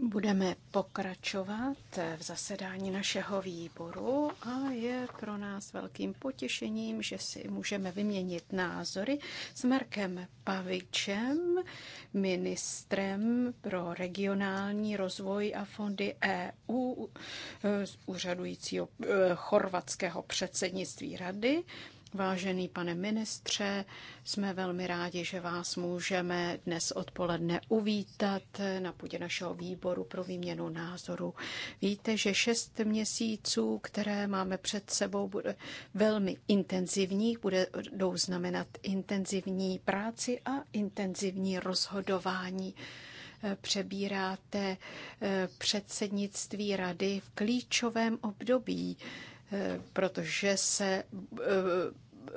Budeme pokračovat v zasedání našeho výboru a je pro nás velkým potěšením, že si můžeme vyměnit názory s Markem Pavičem, ministrem pro regionální rozvoj a fondy EU eh, z úřadujícího eh, chorvatského předsednictví rady. Vážený pane ministře, jsme velmi rádi, že vás můžeme dnes odpoledne uvítat na půdě našeho výboru pro výměnu názoru. Víte, že šest měsíců, které máme před sebou, bude velmi intenzivní, bude znamenat intenzivní práci a intenzivní rozhodování přebíráte eh, předsednictví rady v klíčovém období Eh, protože se eh,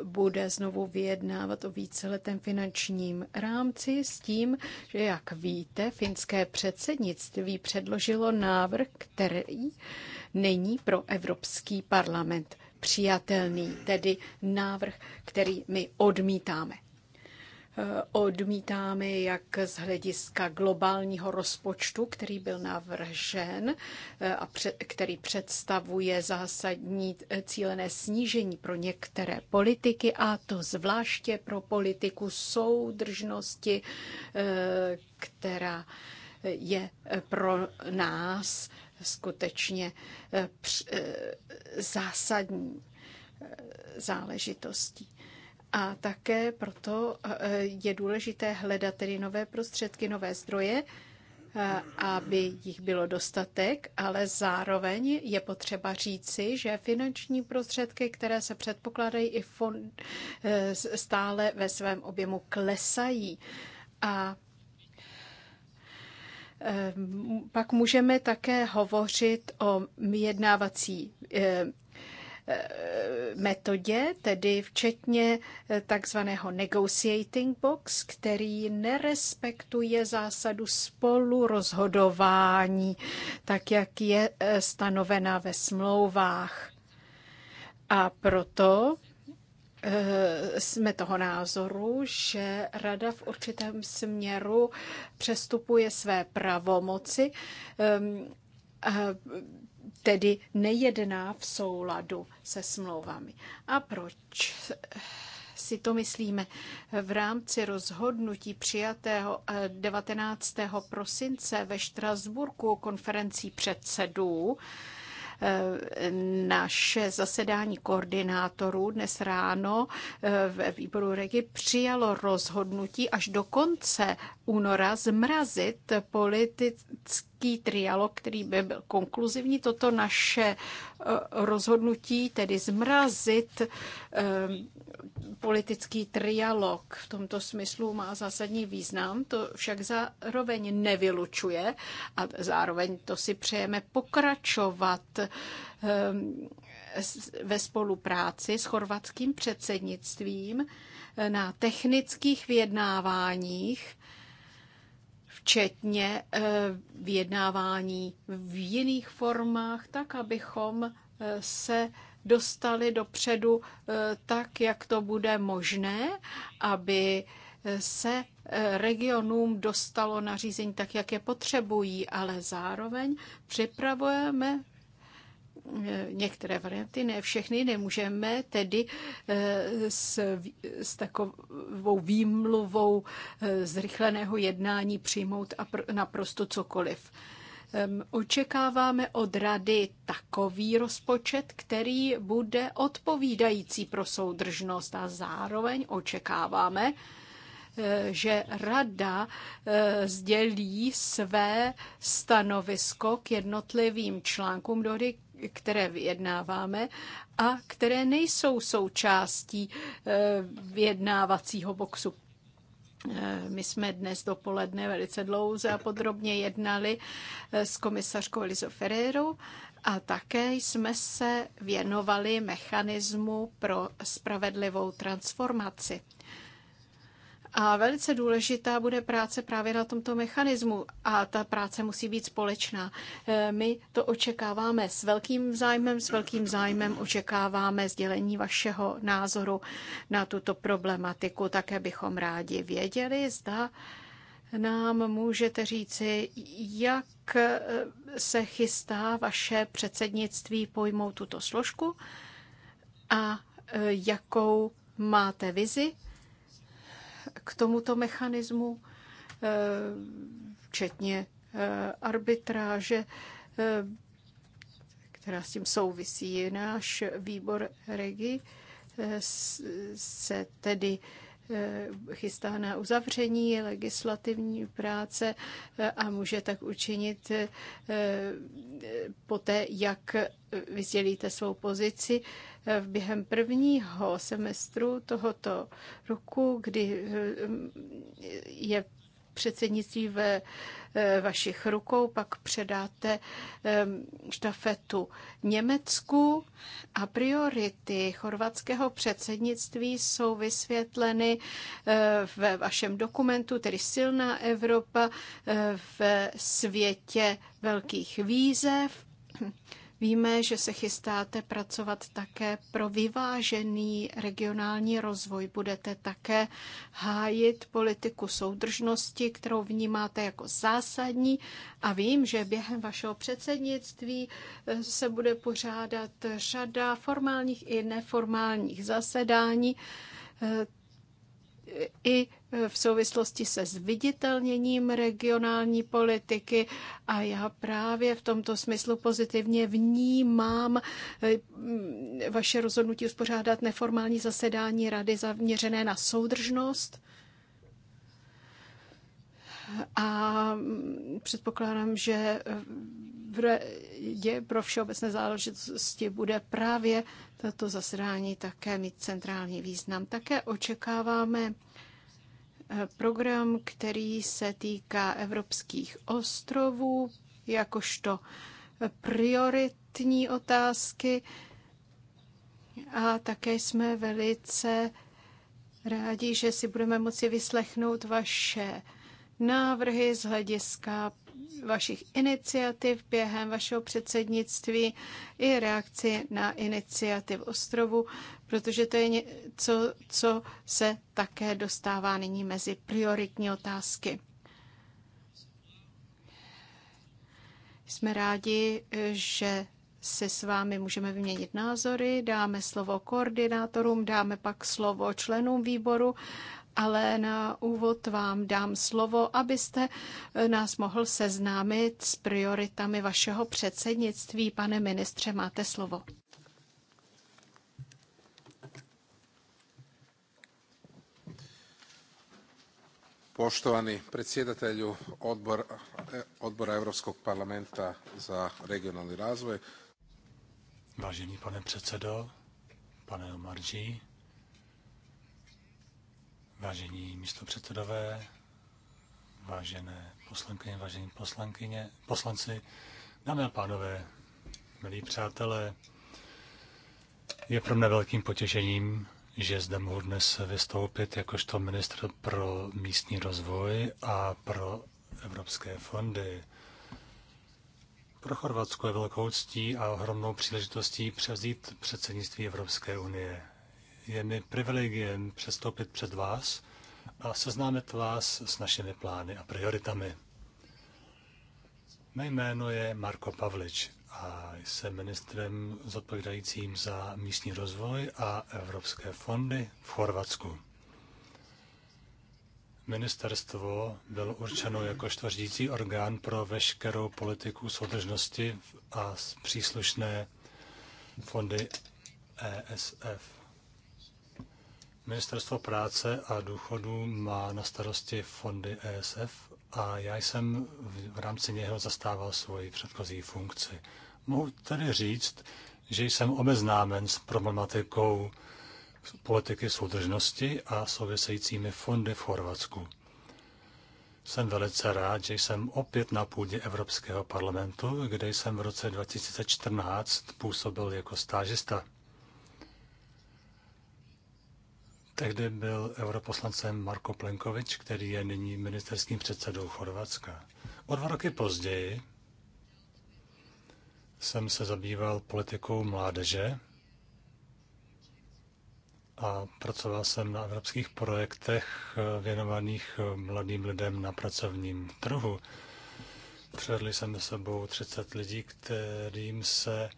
bude znovu vyjednávat o víceletém finančním rámci s tím, že, jak víte, finské předsednictví předložilo návrh, který není pro Evropský parlament přijatelný, tedy návrh, který my odmítáme. Eh, odmítáme jak z hlediska globálního rozpočtu, který byl navržen eh, a který představuje zásadní eh, cílené snížení pro některé politiky, a to zvláště pro politiku soudržnosti, která je pro nás skutečně zásadní záležitostí. A také proto e, e, je důležité hledat tedy nové prostředky, nové zdroje, e, aby jich bylo dostatek, ale zároveň je potřeba říci, že finanční prostředky, které se předpokládají i fond, stále ve svém objemu klesají. A pak můžeme také hovořit o vyjednávací metodě, tedy včetně eh, takzvaného negotiating box, který nerespektuje zásadu spolurozhodování, tak jak je eh, stanovena ve smlouvách. A proto eh, jsme toho názoru, že rada v určitém směru přestupuje své pravomoci ehm, tedy nejedná v souladu se smlouvami. A proč si to myslíme? V rámci rozhodnutí přijatého 19. Eh, prosince ve Štrasburku konferencí předsedů eh, naše zasedání koordinátorů dnes ráno eh, ve výboru Regi přijalo rozhodnutí až do konce února zmrazit politické nějaký trialog, který by byl konkluzivní. Toto naše eh, rozhodnutí, tedy zmrazit eh, politický trialog v tomto smyslu má zásadní význam, to však zároveň nevylučuje a zároveň to si přejeme pokračovat eh, ve spolupráci s chorvatským předsednictvím na technických vyjednáváních včetně eh, vyjednávání v jiných formách, tak abychom eh, se dostali dopředu eh, tak, jak to bude možné, aby se regionům dostalo nařízení tak, jak je potřebují, ale zároveň připravujeme Eh, některé varianty, ne všechny, nemůžeme tedy eh, s, s takovou výmluvou eh, zrychleného jednání přijmout naprosto cokoliv. Očekáváme od rady takový rozpočet, který bude odpovídající pro soudržnost a zároveň očekáváme, že rada sdělí své stanovisko k jednotlivým článkům dohody, které vyjednáváme a které nejsou součástí eh, vyjednávacího boxu. Eh, my jsme dnes dopoledne velice dlouze a podrobně jednali eh, s komisařkou Elizo Ferrerou a také jsme se věnovali mechanismu pro spravedlivou transformaci. A velice důležitá bude práce právě na tomto mechanismu a ta práce musí být společná. E, my to očekáváme s velkým zájmem, s velkým zájmem očekáváme sdělení vašeho názoru na tuto problematiku. Také bychom rádi věděli, zda nám můžete říci, jak e, se chystá vaše předsednictví pojmout tuto složku a e, jakou máte vizi k tomuto mechanismu, eh, včetně eh, arbitráže, eh, která s tím souvisí. Náš výbor Regi se tedy chystá na uzavření legislativní práce a může tak učinit poté, jak vyzdělíte svou pozici během prvního semestru tohoto roku, kdy eh, je předsednictví ve eh, vašich rukou, pak předáte eh, štafetu Německu a priority chorvatského předsednictví jsou vysvětleny ve vašem dokumentu, tedy silná Evropa v světě velkých výzev Víme, že se chystáte pracovat také pro vyvážený regionální rozvoj. Budete také hájit politiku soudržnosti, kterou vnímáte jako zásadní a vím, že během vašeho předsednictví eh, se bude pořádat řada formálních i neformálních zasedání eh, i v souvislosti se zviditelněním regionální politiky a já právě v tomto smyslu pozitivně vnímám eh, vaše rozhodnutí uspořádat neformální zasedání rady zaměřené na soudržnost a předpokládám, že je pro všeobecné záležitosti bude právě tato zasedání také mít centrální význam. Také očekáváme eh, program, který se týká evropských ostrovů, jakožto prioritní otázky. A také jsme velice rádi, že si budeme moci vyslechnout vaše návrhy z hlediska vašich iniciativ během vašeho předsednictví i reakci na iniciativ ostrovu, protože to je něco, co se také dostává nyní mezi prioritní otázky. Jsme rádi, že se s vámi můžeme vyměnit názory, dáme slovo koordinátorům, dáme pak slovo členům výboru ale na úvod vám dám slovo, abyste eh, nás mohl seznámit s prioritami vašeho předsednictví. Pane ministře, máte slovo. Poštovani predsjedatelju odbor, eh, odbora Europskog parlamenta za regionalni razvoj. Vážený pane předsedo, pane Omarji, Vážení místopředsedové, vážené poslankyně, vážení poslankyně, poslanci, dámy a pánové, milí přátelé, je pro mě velkým potěšením, že zde mohu dnes vystoupit jakožto ministr pro místní rozvoj a pro evropské fondy. Pro Chorvatsko je velkou ctí a ohromnou příležitostí převzít předsednictví Evropské unie je mi privilegiem přestoupit před vás a seznámit vás s našimi plány a prioritami. Mé jméno je Marko Pavlič a jsem ministrem zodpovídajícím za místní rozvoj a evropské fondy v Chorvatsku. Ministerstvo bylo určeno jako řídící orgán pro veškerou politiku soudržnosti a příslušné fondy ESF. Ministerstvo práce a důchodů má na starosti fondy ESF a já jsem v rámci něho zastával svoji předchozí funkci. Mohu tedy říct, že jsem obeznámen s problematikou politiky soudržnosti a souvisejícími fondy v Chorvatsku. Jsem velice rád, že jsem opět na půdě Evropského parlamentu, kde jsem v roce 2014 působil jako stážista. Tehdy byl europoslancem Marko Plenkovič, který je nyní ministerským předsedou Chorvatska. O dva roky později jsem se zabýval politikou mládeže a pracoval jsem na evropských projektech eh, věnovaných eh, mladým lidem na pracovním trhu. Předli jsem s sebou 30 lidí, kterým se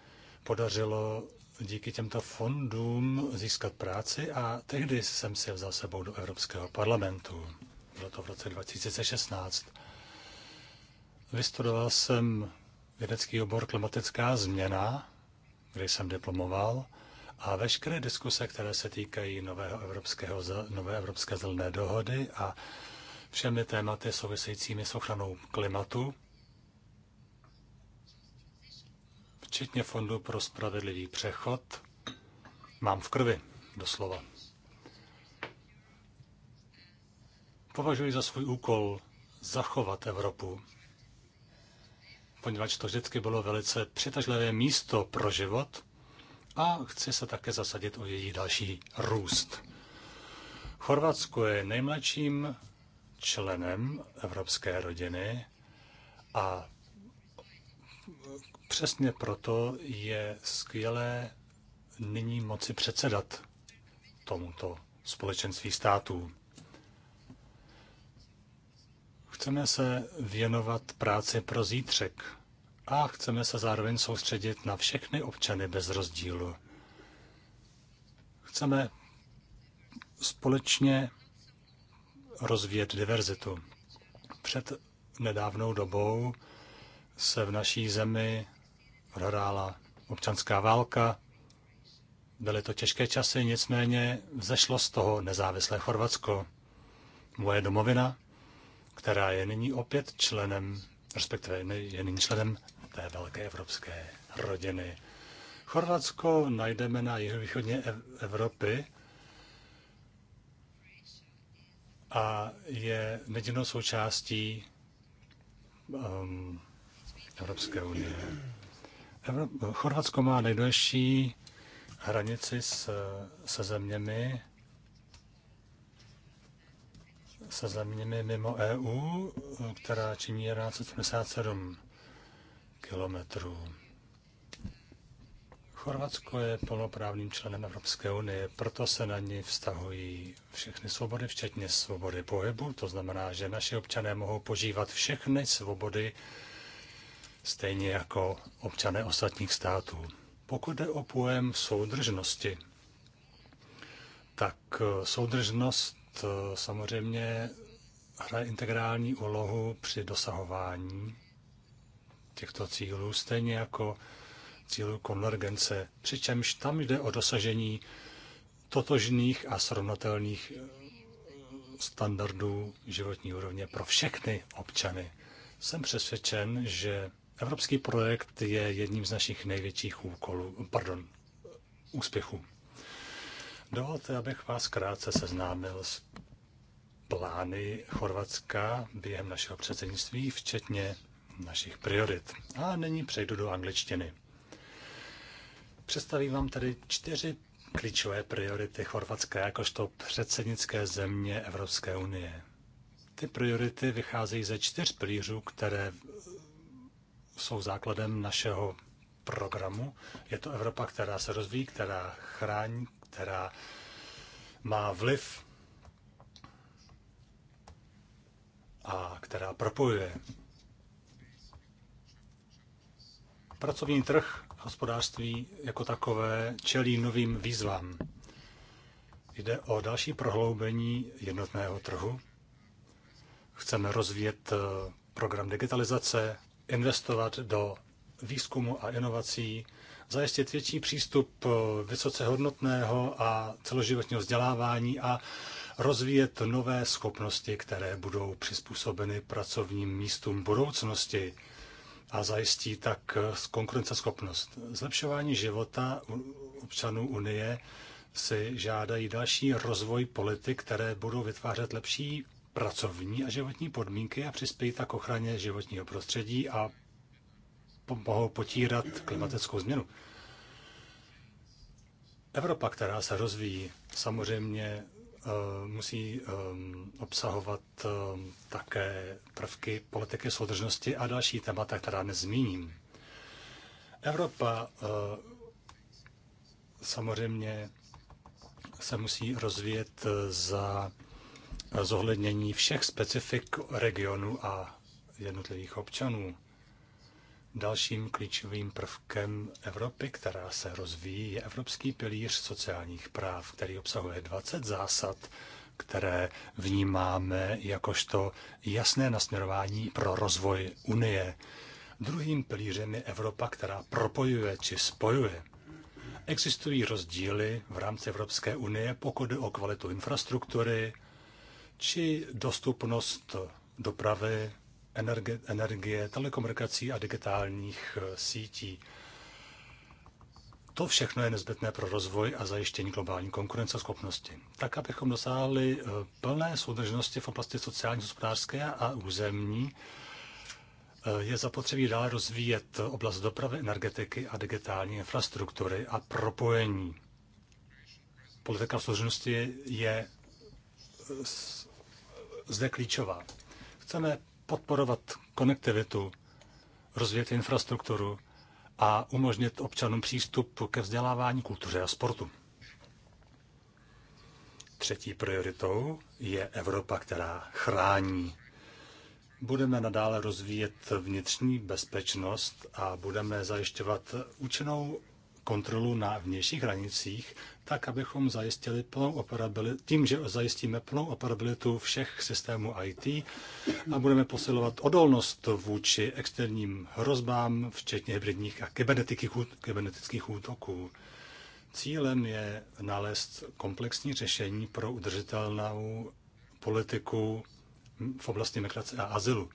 podařilo díky těmto fondům získat práci a tehdy jsem si vzal sebou do Evropského parlamentu. Bylo to v roce 2016. Vystudoval jsem vědecký obor klimatická změna, kde jsem diplomoval, a veškeré diskuse, které se týkají nového evropského, nové evropské zelené dohody a všemi tématy souvisejícími s ochranou klimatu, včetně Fondu pro spravedlivý přechod, mám v krvi, doslova. Považuji za svůj úkol zachovat Evropu, poněvadž to vždycky bylo velice přitažlivé místo pro život a chci se také zasadit o její další růst. Chorvatsko je nejmladším členem evropské rodiny a Přesně proto je skvělé nyní moci předsedat tomuto společenství států. Chceme se věnovat práci pro zítřek a chceme se zároveň soustředit na všechny občany bez rozdílu. Chceme společně rozvíjet diverzitu. Před nedávnou dobou se v naší zemi prohrála občanská válka. Byly to těžké časy, nicméně vzešlo z toho nezávislé Chorvatsko. Moje domovina, která je nyní opět členem, respektive je nyní členem té velké evropské rodiny. Chorvatsko najdeme na jihovýchodně Evropy a je nedělnou součástí um, Evropské unie. Chorvatsko má nejdelší hranici s, se zeměmi se zeměmi mimo EU, která činí 1177 kilometrů. Chorvatsko je plnoprávným členem Evropské unie, proto se na ní vztahují všechny svobody, včetně svobody pohybu. To znamená, že naši občané mohou požívat všechny svobody, stejně jako občané ostatních států. Pokud jde o pojem soudržnosti, tak eh, soudržnost eh, samozřejmě hraje integrální úlohu při dosahování těchto cílů, stejně jako cílů konvergence, přičemž tam jde o dosažení totožných a srovnatelných eh, standardů životní úrovně pro všechny občany. Jsem přesvědčen, že Evropský projekt je jedním z našich největších úkolů, pardon, úspěchů. Dovolte, abych vás krátce seznámil s plány Chorvatska během našeho předsednictví, včetně našich priorit. A nyní přejdu do angličtiny. Představím vám tady čtyři klíčové priority Chorvatska jakožto předsednické země Evropské unie. Ty priority vycházejí ze čtyř pilířů, které jsou základem našeho programu. Je to Evropa, která se rozvíjí, která chrání, která má vliv a která propojuje. Pracovní trh, hospodářství jako takové čelí novým výzvám. Jde o další prohloubení jednotného trhu. Chceme rozvíjet eh, program digitalizace, investovat do výzkumu a inovací, zajistit větší přístup eh, vysoce hodnotného a celoživotního vzdělávání a rozvíjet nové schopnosti, které budou přizpůsobeny pracovním místům budoucnosti a zajistí tak eh, konkurenceschopnost. Zlepšování života občanů Unie si žádají další rozvoj politik, které budou vytvářet lepší pracovní a životní podmínky a přispějí tak k ochraně životního prostředí a mohou potírat klimatickou změnu. Evropa, která se rozvíjí, samozřejmě eh, musí eh, obsahovat eh, také prvky politiky soudržnosti a další témata, která nezmíním. Evropa samozřejmě se musí rozvíjet za zohlednění všech specifik regionu a jednotlivých občanů. Dalším klíčovým prvkem Evropy, která se rozvíjí, je Evropský pilíř sociálních práv, který obsahuje 20 zásad, které vnímáme jakožto jasné nasměrování pro rozvoj Unie. Druhým pilířem je Evropa, která propojuje či spojuje. Existují rozdíly v rámci Evropské unie, pokud o kvalitu infrastruktury, či dostupnost dopravy, energie, energie telekomunikací a digitálních eh, sítí. To všechno je nezbytné pro rozvoj a zajištění globální konkurenceschopnosti, tak abychom dosáhli eh, plné soudržnosti v oblasti sociální, hospodářské a územní. Eh, je zapotřebí dále rozvíjet oblast dopravy, energetiky a digitální infrastruktury a propojení. Politika soudržnosti je zde klíčová. Chceme podporovat konektivitu, rozvíjet infrastrukturu a umožnit občanům přístup ke vzdělávání, kultuře a sportu. Třetí prioritou je Evropa, která chrání. Budeme nadále rozvíjet vnitřní bezpečnost a budeme zajišťovat účinnou kontrolu na vnějších hranicích, tak abychom zajistili plnou operabilitu, tím, že zajistíme plnou operabilitu všech systémů IT a budeme posilovat odolnost vůči externím hrozbám, včetně hybridních a kybernetických útoků. Cílem je nalézt komplexní řešení pro udržitelnou politiku v oblasti migrace a azylu.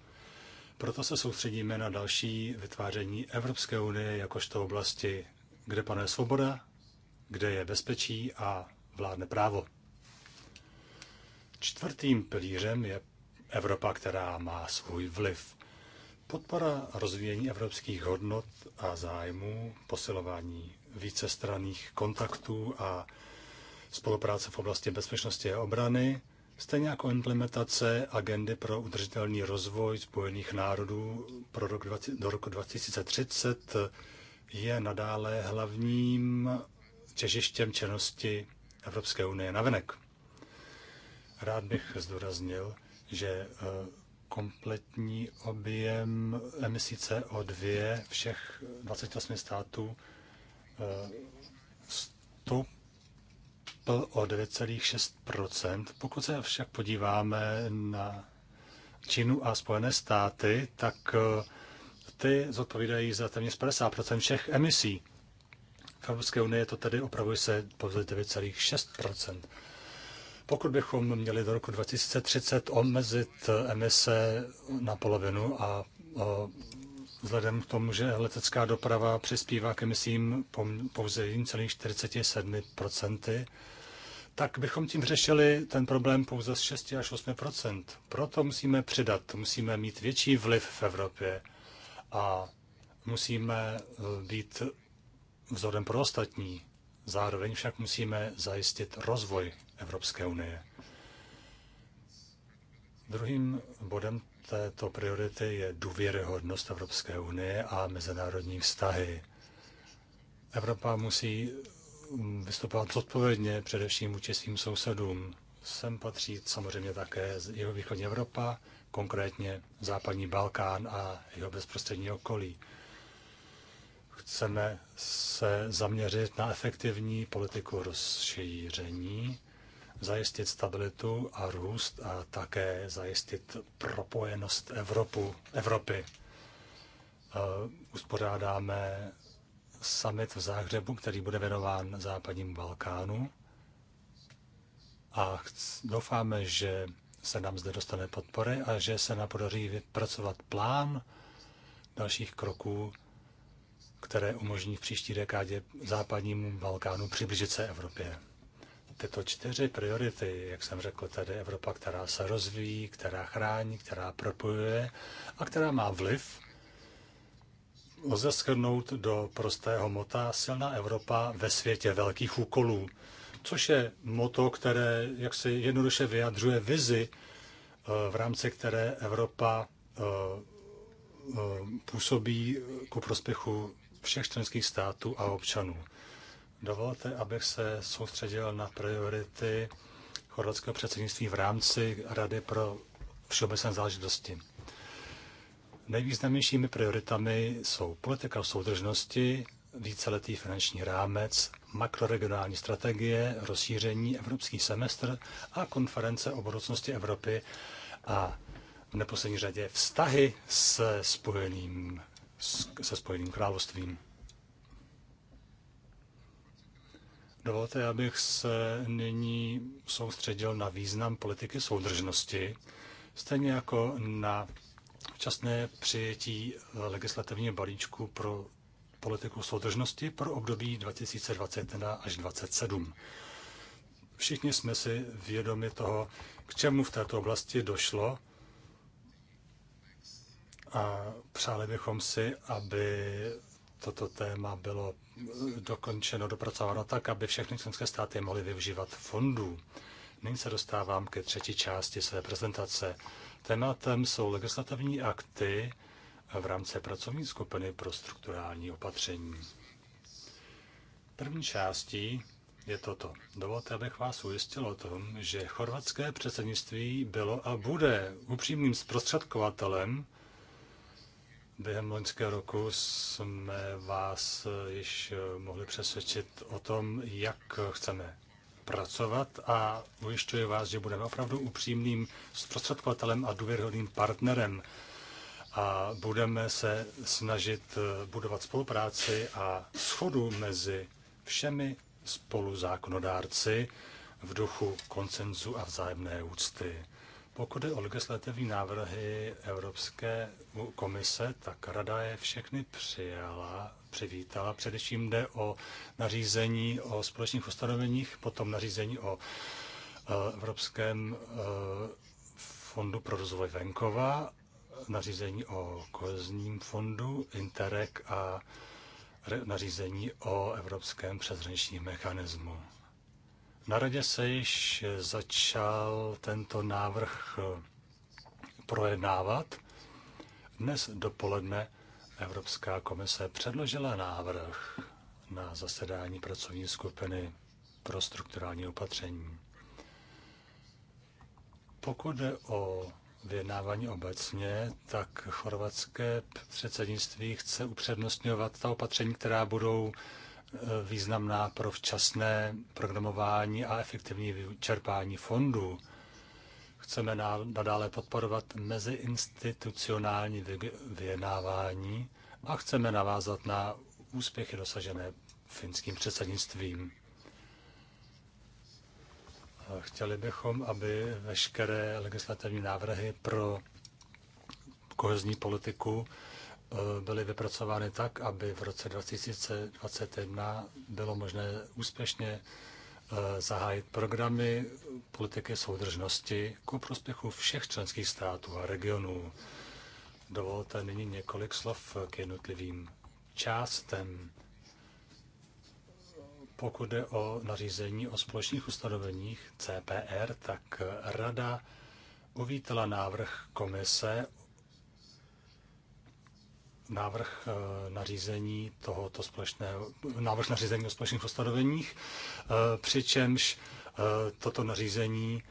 Proto se soustředíme na další vytváření Evropské unie jakožto oblasti kde panuje svoboda, kde je bezpečí a vládne právo. Čtvrtým pilířem je Evropa, která má svůj vliv. Podpora rozvíjení evropských hodnot a zájmů, posilování vícestranných kontaktů a spolupráce v oblasti bezpečnosti a obrany, stejně jako implementace agendy pro udržitelný rozvoj Spojených národů pro rok 20, do roku 2030, je nadále hlavním těžištěm černosti Evropské unie navenek. Rád bych zdůraznil, že e, kompletní objem emisí CO2 všech 28 států e, stoupl o 9,6 Pokud se však podíváme na Čínu a Spojené státy, tak e, ty zodpovídají za téměř 50 všech emisí. V Evropské unii to tedy opravuje se pouze 9,6 Pokud bychom měli do roku 2030 omezit emise na polovinu a vzhledem k tomu, že letecká doprava přispívá k emisím pouze 1,47 tak bychom tím řešili ten problém pouze z 6 až 8 Proto musíme přidat, musíme mít větší vliv v Evropě a musíme eh, být vzorem pro ostatní. Zároveň však musíme zajistit rozvoj Evropské unie. Druhým bodem této priority je důvěryhodnost Evropské unie a mezinárodní vztahy. Evropa musí mm, vystupovat zodpovědně především vůči svým sousedům. Sem patří samozřejmě také jeho východní Evropa, konkrétně západní Balkán a jeho bezprostřední okolí. Chceme se zaměřit na efektivní politiku rozšíření, zajistit stabilitu a růst a také zajistit propojenost Evropu, Evropy. E, uspořádáme summit v Záhřebu, který bude věnován západnímu Balkánu a doufáme, že se nám zde dostane podpory a že se nám podaří vypracovat plán dalších kroků, které umožní v příští dekádě západnímu Balkánu přiblížit se Evropě. Tyto čtyři priority, jak jsem řekl, tedy Evropa, která se rozvíjí, která chrání, která propojuje a která má vliv, lze shrnout do prostého mota silná Evropa ve světě velkých úkolů což je moto, které jak si jednoduše vyjadřuje vizi, eh, v rámci které Evropa eh, eh, působí ku prospěchu všech členských států a občanů. Dovolte, abych se soustředil na priority chorvatského předsednictví v rámci Rady pro všeobecné záležitosti. Nejvýznamnějšími prioritami jsou politika soudržnosti, víceletý finanční rámec makroregionální strategie, rozšíření, evropský semestr a konference o budoucnosti Evropy a v neposlední řadě vztahy se spojeným, se spojeným královstvím. Dovolte, abych se nyní soustředil na význam politiky soudržnosti, stejně jako na včasné přijetí legislativního balíčku pro politiku soudržnosti pro období 2021 až 2027. Všichni jsme si vědomi toho, k čemu v této oblasti došlo a přáli bychom si, aby toto téma bylo dokončeno, dopracováno tak, aby všechny členské státy mohly využívat fondů. Nyní se dostávám ke třetí části své prezentace. Tématem jsou legislativní akty, v rámci pracovní skupiny pro strukturální opatření. První částí je toto. Dovolte, abych vás ujistil o tom, že chorvatské předsednictví bylo a bude upřímným zprostředkovatelem. Během loňského roku jsme vás již mohli přesvědčit o tom, jak chceme pracovat a ujišťuji vás, že budeme opravdu upřímným zprostředkovatelem a důvěrhodným partnerem a budeme se snažit eh, budovat spolupráci a schodu mezi všemi spoluzákonodárci v duchu koncenzu a vzájemné úcty. Pokud je o legislativní návrhy Evropské komise, tak Rada je všechny přijala, přivítala. Především jde o nařízení o společných ustanoveních, potom nařízení o eh, Evropském eh, fondu pro rozvoj venkova nařízení o kohezním fondu, Interreg a nařízení o evropském přeshraničním mechanismu. Na radě se již začal tento návrh eh, projednávat. Dnes dopoledne Evropská komise předložila návrh na zasedání pracovní skupiny pro strukturální opatření. Pokud jde o vyjednávání obecně, tak chorvatské předsednictví chce upřednostňovat ta opatření, která budou e, významná pro včasné programování a efektivní vyčerpání fondů. Chceme nadále podporovat meziinstitucionální vyjednávání a chceme navázat na úspěchy dosažené finským předsednictvím. Chtěli bychom, aby veškeré legislativní návrhy pro kohezní politiku eh, byly vypracovány tak, aby v roce 2021 bylo možné úspěšně eh, zahájit programy politiky soudržnosti ku prospěchu všech členských států a regionů. Dovolte nyní několik slov k jednotlivým částem. Pokud jde o nařízení o společných ustanoveních CPR, tak Rada uvítala návrh komise, návrh eh, nařízení tohoto společného, návrh nařízení o společných ustanoveních, eh, přičemž eh, toto nařízení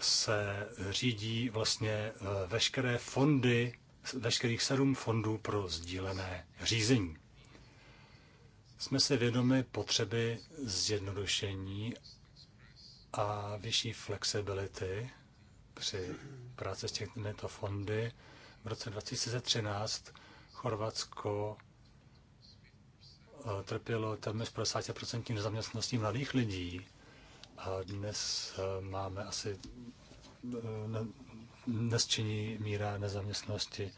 se řídí vlastně veškeré fondy, veškerých sedm fondů pro sdílené řízení. Jsme si vědomi potřeby zjednodušení a vyšší flexibility při práci s těmito fondy. V roce 2013 Chorvatsko eh, trpělo téměř 50% nezaměstnaností mladých lidí. A dnes eh, máme asi eh, dnes činí míra nezaměstnanosti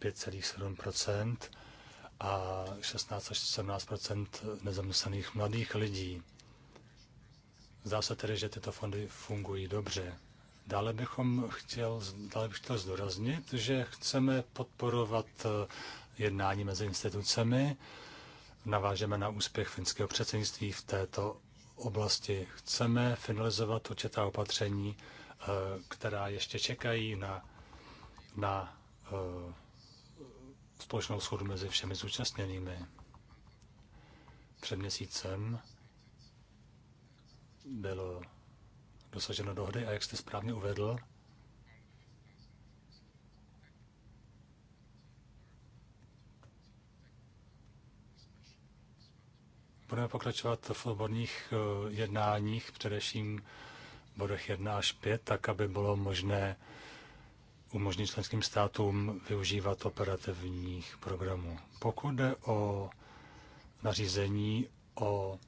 5,7 a 16 až 17 nezaměstnaných mladých lidí. Zdá se tedy, že tyto fondy fungují dobře. Dále, bychom chtěl, dále bych chtěl zdůraznit, že chceme podporovat eh, jednání mezi institucemi. Navážeme na úspěch finského předsednictví v této oblasti. Chceme finalizovat určitá opatření, eh, která ještě čekají na, na eh, společnou schodu mezi všemi zúčastněnými. Před měsícem bylo dosaženo dohody a jak jste správně uvedl, budeme pokračovat v odborných eh, jednáních, především bodech 1 až 5, tak aby bylo možné umožní členským státům využívat operativních programů. Pokud jde o nařízení o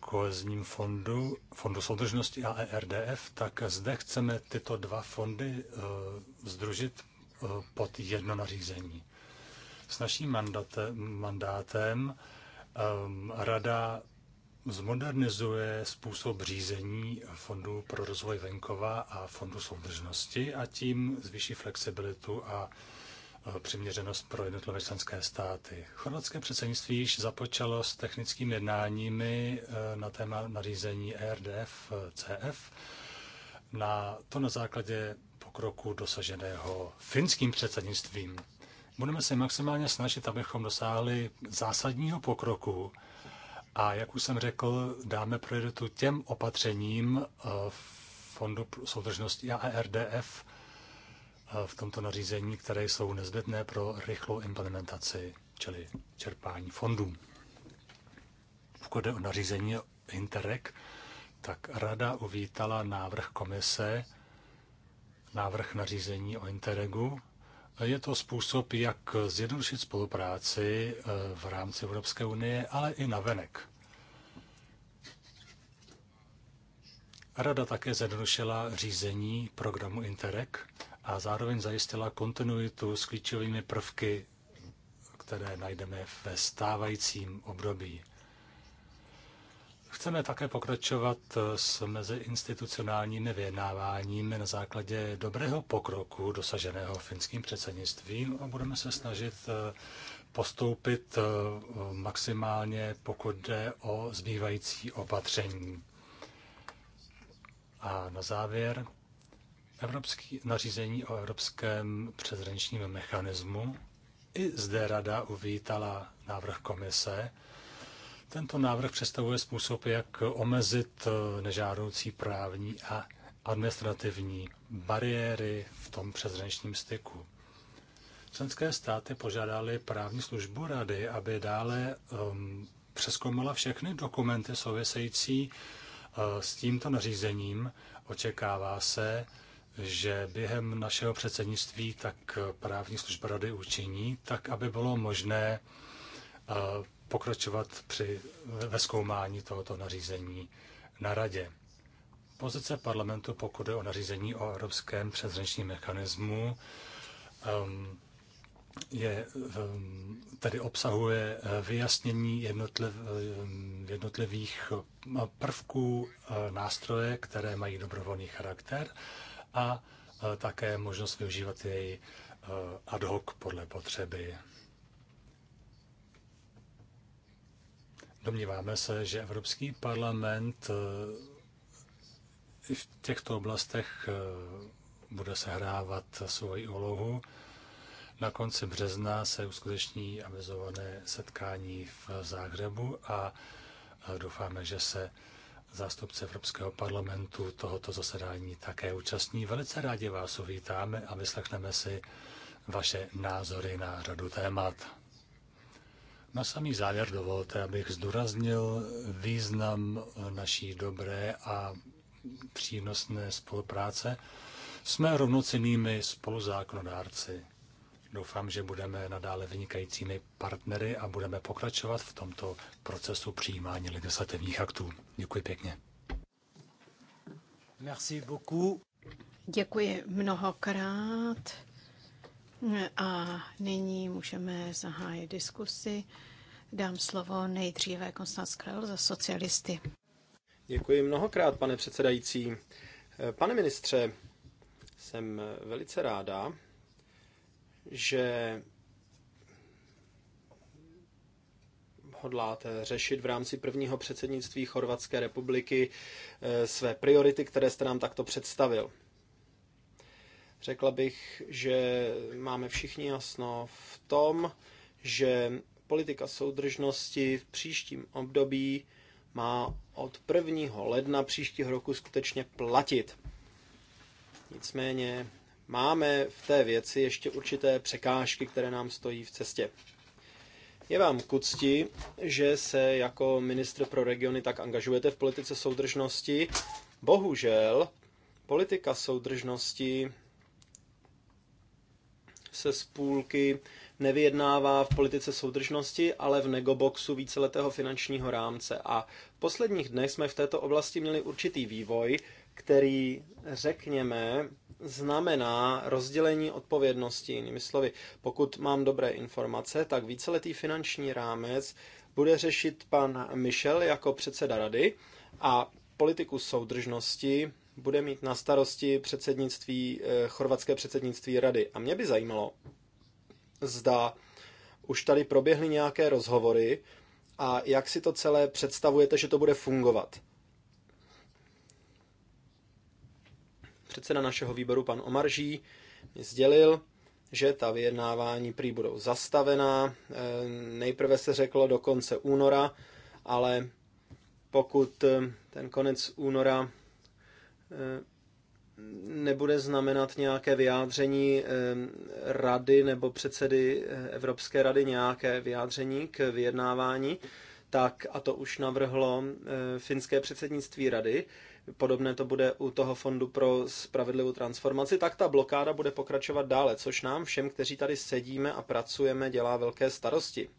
kohezním fondu, fondu soudržnosti a ERDF, tak zde chceme tyto dva fondy e, združit e, pod jedno nařízení. S naším mandátem e, Rada zmodernizuje způsob řízení Fondu pro rozvoj venkova a Fondu soudržnosti a tím zvýší flexibilitu a e, přiměřenost pro jednotlivé členské státy. Chorvatské předsednictví již započalo s technickými jednáními e, na téma nařízení ERDF e, CF. Na to na základě pokroku dosaženého finským předsednictvím. Budeme se maximálně snažit, abychom dosáhli zásadního pokroku a jak už jsem řekl, dáme prioritu těm opatřením eh, Fondu soudržnosti a ERDF eh, v tomto nařízení, které jsou nezbytné pro rychlou implementaci, čili čerpání fondů. Pokud jde o nařízení Interreg, tak Rada uvítala návrh komise, návrh nařízení o Interregu, je to způsob, jak zjednodušit spolupráci eh, v rámci Evropské unie, ale i navenek. Rada také zjednodušila řízení programu Interreg a zároveň zajistila kontinuitu s klíčovými prvky, které najdeme ve stávajícím období. Chceme také pokračovat eh, s meziinstitucionálními vyjednáváními na základě dobrého pokroku dosaženého finským předsednictvím a budeme se snažit eh, postoupit eh, maximálně, pokud jde o zbývající opatření. A na závěr Evropský nařízení o evropském přezrenčním mechanismu. I zde rada uvítala návrh komise, tento návrh představuje způsob, jak omezit eh, nežádoucí právní a administrativní bariéry v tom přeshraničním styku. Členské státy požádali právní službu rady, aby dále um, ehm, přeskoumala všechny dokumenty související uh, s tímto nařízením. Očekává se, že během našeho předsednictví tak právní služba rady učiní, tak aby bylo možné uh, pokračovat při, ve zkoumání tohoto nařízení na radě. Pozice parlamentu, pokud je o nařízení o evropském přeshraničním mechanismu, um, je, um, tedy obsahuje eh, vyjasnění jednotliv, um, jednotlivých eh, prvků eh, nástroje, které mají dobrovolný charakter a také možnost využívat jej ad hoc podle potřeby. Domníváme se, že Evropský parlament eh, v těchto oblastech eh, bude sehrávat svoji úlohu. Na konci března se uskuteční avizované setkání v Záhřebu a eh, doufáme, že se zástupci Evropského parlamentu tohoto zasedání také účastní. Velice rádi vás uvítáme a vyslechneme si vaše názory na řadu témat. Na samý závěr dovolte, abych zdůraznil význam naší dobré a přínosné spolupráce. Jsme rovnocenými spoluzákonodárci. Doufám, že budeme nadále vynikajícími partnery a budeme pokračovat v tomto procesu přijímání legislativních aktů. Děkuji pěkně. Merci beaucoup. Děkuji mnohokrát. A nyní můžeme zahájit diskusi. Dám slovo nejdříve Konstanc Krell za socialisty. Děkuji mnohokrát, pane předsedající. Pane ministře, jsem velice ráda, že hodláte řešit v rámci prvního předsednictví Chorvatské republiky eh, své priority, které jste nám takto představil. Řekla bych, že máme všichni jasno v tom, že politika soudržnosti v příštím období má od 1. ledna příštího roku skutečně platit. Nicméně máme v té věci ještě určité překážky, které nám stojí v cestě. Je vám k že se jako ministr pro regiony tak angažujete v politice soudržnosti. Bohužel, politika soudržnosti se z půlky nevyjednává v politice soudržnosti, ale v negoboxu víceletého finančního rámce. A v posledních dnech jsme v této oblasti měli určitý vývoj, který, řekněme, znamená rozdělení odpovědnosti. Jinými slovy, pokud mám dobré informace, tak víceletý finanční rámec bude řešit pan Michel jako předseda rady a politiku soudržnosti bude mít na starosti předsednictví, eh, chorvatské předsednictví rady. A mě by zajímalo, zda už tady proběhly nějaké rozhovory a jak si to celé představujete, že to bude fungovat. Předseda našeho výboru, pan Omarží, mi sdělil, že ta vyjednávání prý budou zastavená. Eh, nejprve se řeklo do konce února, ale pokud eh, ten konec února Eh, nebude znamenat nějaké vyjádření eh, rady nebo předsedy eh, Evropské rady nějaké vyjádření k vyjednávání, tak, a to už navrhlo finské předsednictví rady, podobné to bude u toho Fondu pro spravedlivou transformaci, tak ta blokáda bude pokračovat dále, což nám všem, kteří tady sedíme a pracujeme, dělá velké starosti.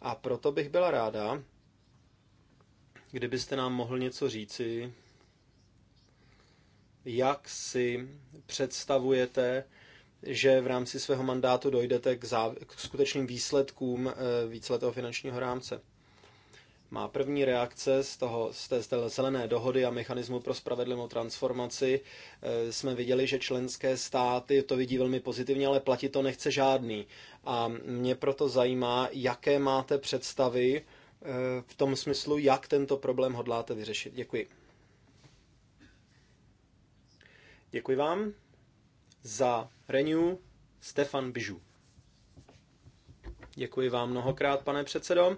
A proto bych byla ráda, kdybyste nám mohl něco říci jak si představujete, že v rámci svého mandátu dojdete k, záv- k skutečným výsledkům eh, víceletého finančního rámce. Má první reakce z, toho, z té, z té zelené dohody a mechanismu pro spravedlivou transformaci eh, jsme viděli, že členské státy to vidí velmi pozitivně, ale platit to nechce žádný. A mě proto zajímá, jaké máte představy eh, v tom smyslu, jak tento problém hodláte vyřešit. Děkuji. Děkuji vám. Za Renew Stefan Bižu. Děkuji vám mnohokrát, pane předsedo.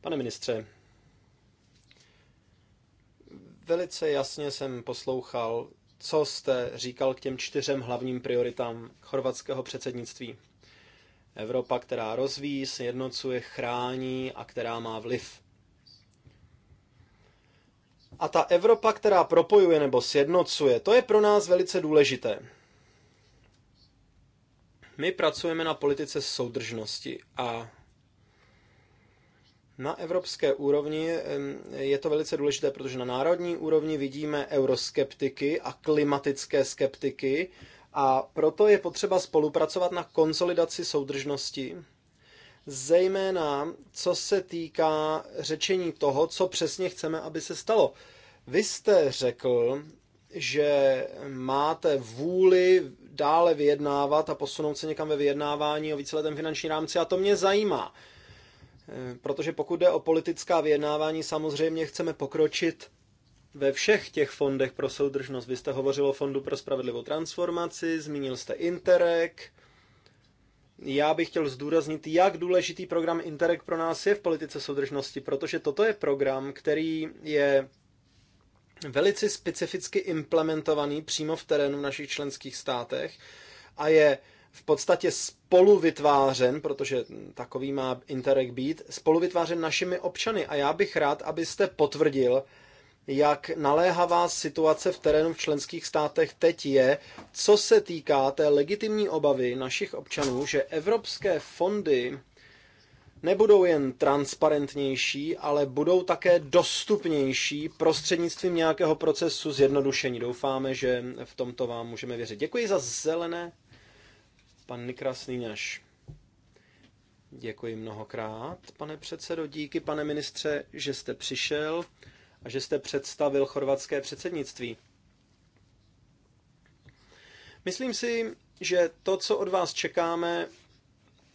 Pane ministře, velice jasně jsem poslouchal, co jste říkal k těm čtyřem hlavním prioritám chorvatského předsednictví. Evropa, která rozvíjí, sjednocuje, chrání a která má vliv. A ta Evropa, která propojuje nebo sjednocuje, to je pro nás velice důležité. My pracujeme na politice soudržnosti a na evropské úrovni je to velice důležité, protože na národní úrovni vidíme euroskeptiky a klimatické skeptiky a proto je potřeba spolupracovat na konsolidaci soudržnosti zejména co se týká řečení toho, co přesně chceme, aby se stalo. Vy jste řekl, že máte vůli dále vyjednávat a posunout se někam ve vyjednávání o víceletém finanční rámci a to mě zajímá. Eh, protože pokud jde o politická vyjednávání, samozřejmě chceme pokročit ve všech těch fondech pro soudržnost. Vy jste hovořil o Fondu pro spravedlivou transformaci, zmínil jste Interreg, já bych chtěl zdůraznit, jak důležitý program Interreg pro nás je v politice soudržnosti, protože toto je program, který je velice specificky implementovaný přímo v terénu v našich členských státech a je v podstatě spolu vytvářen, protože takový má Interreg být, spolu vytvářen našimi občany. A já bych rád, abyste potvrdil, jak naléhavá situace v terénu v členských státech teď je, co se týká té legitimní obavy našich občanů, že evropské fondy nebudou jen transparentnější, ale budou také dostupnější prostřednictvím nějakého procesu zjednodušení. Doufáme, že v tomto vám můžeme věřit. Děkuji za zelené, pan Nikras Nýňaš. Děkuji mnohokrát, pane předsedo. Díky, pane ministře, že jste přišel a že jste představil chorvatské předsednictví. Myslím si, že to, co od vás čekáme,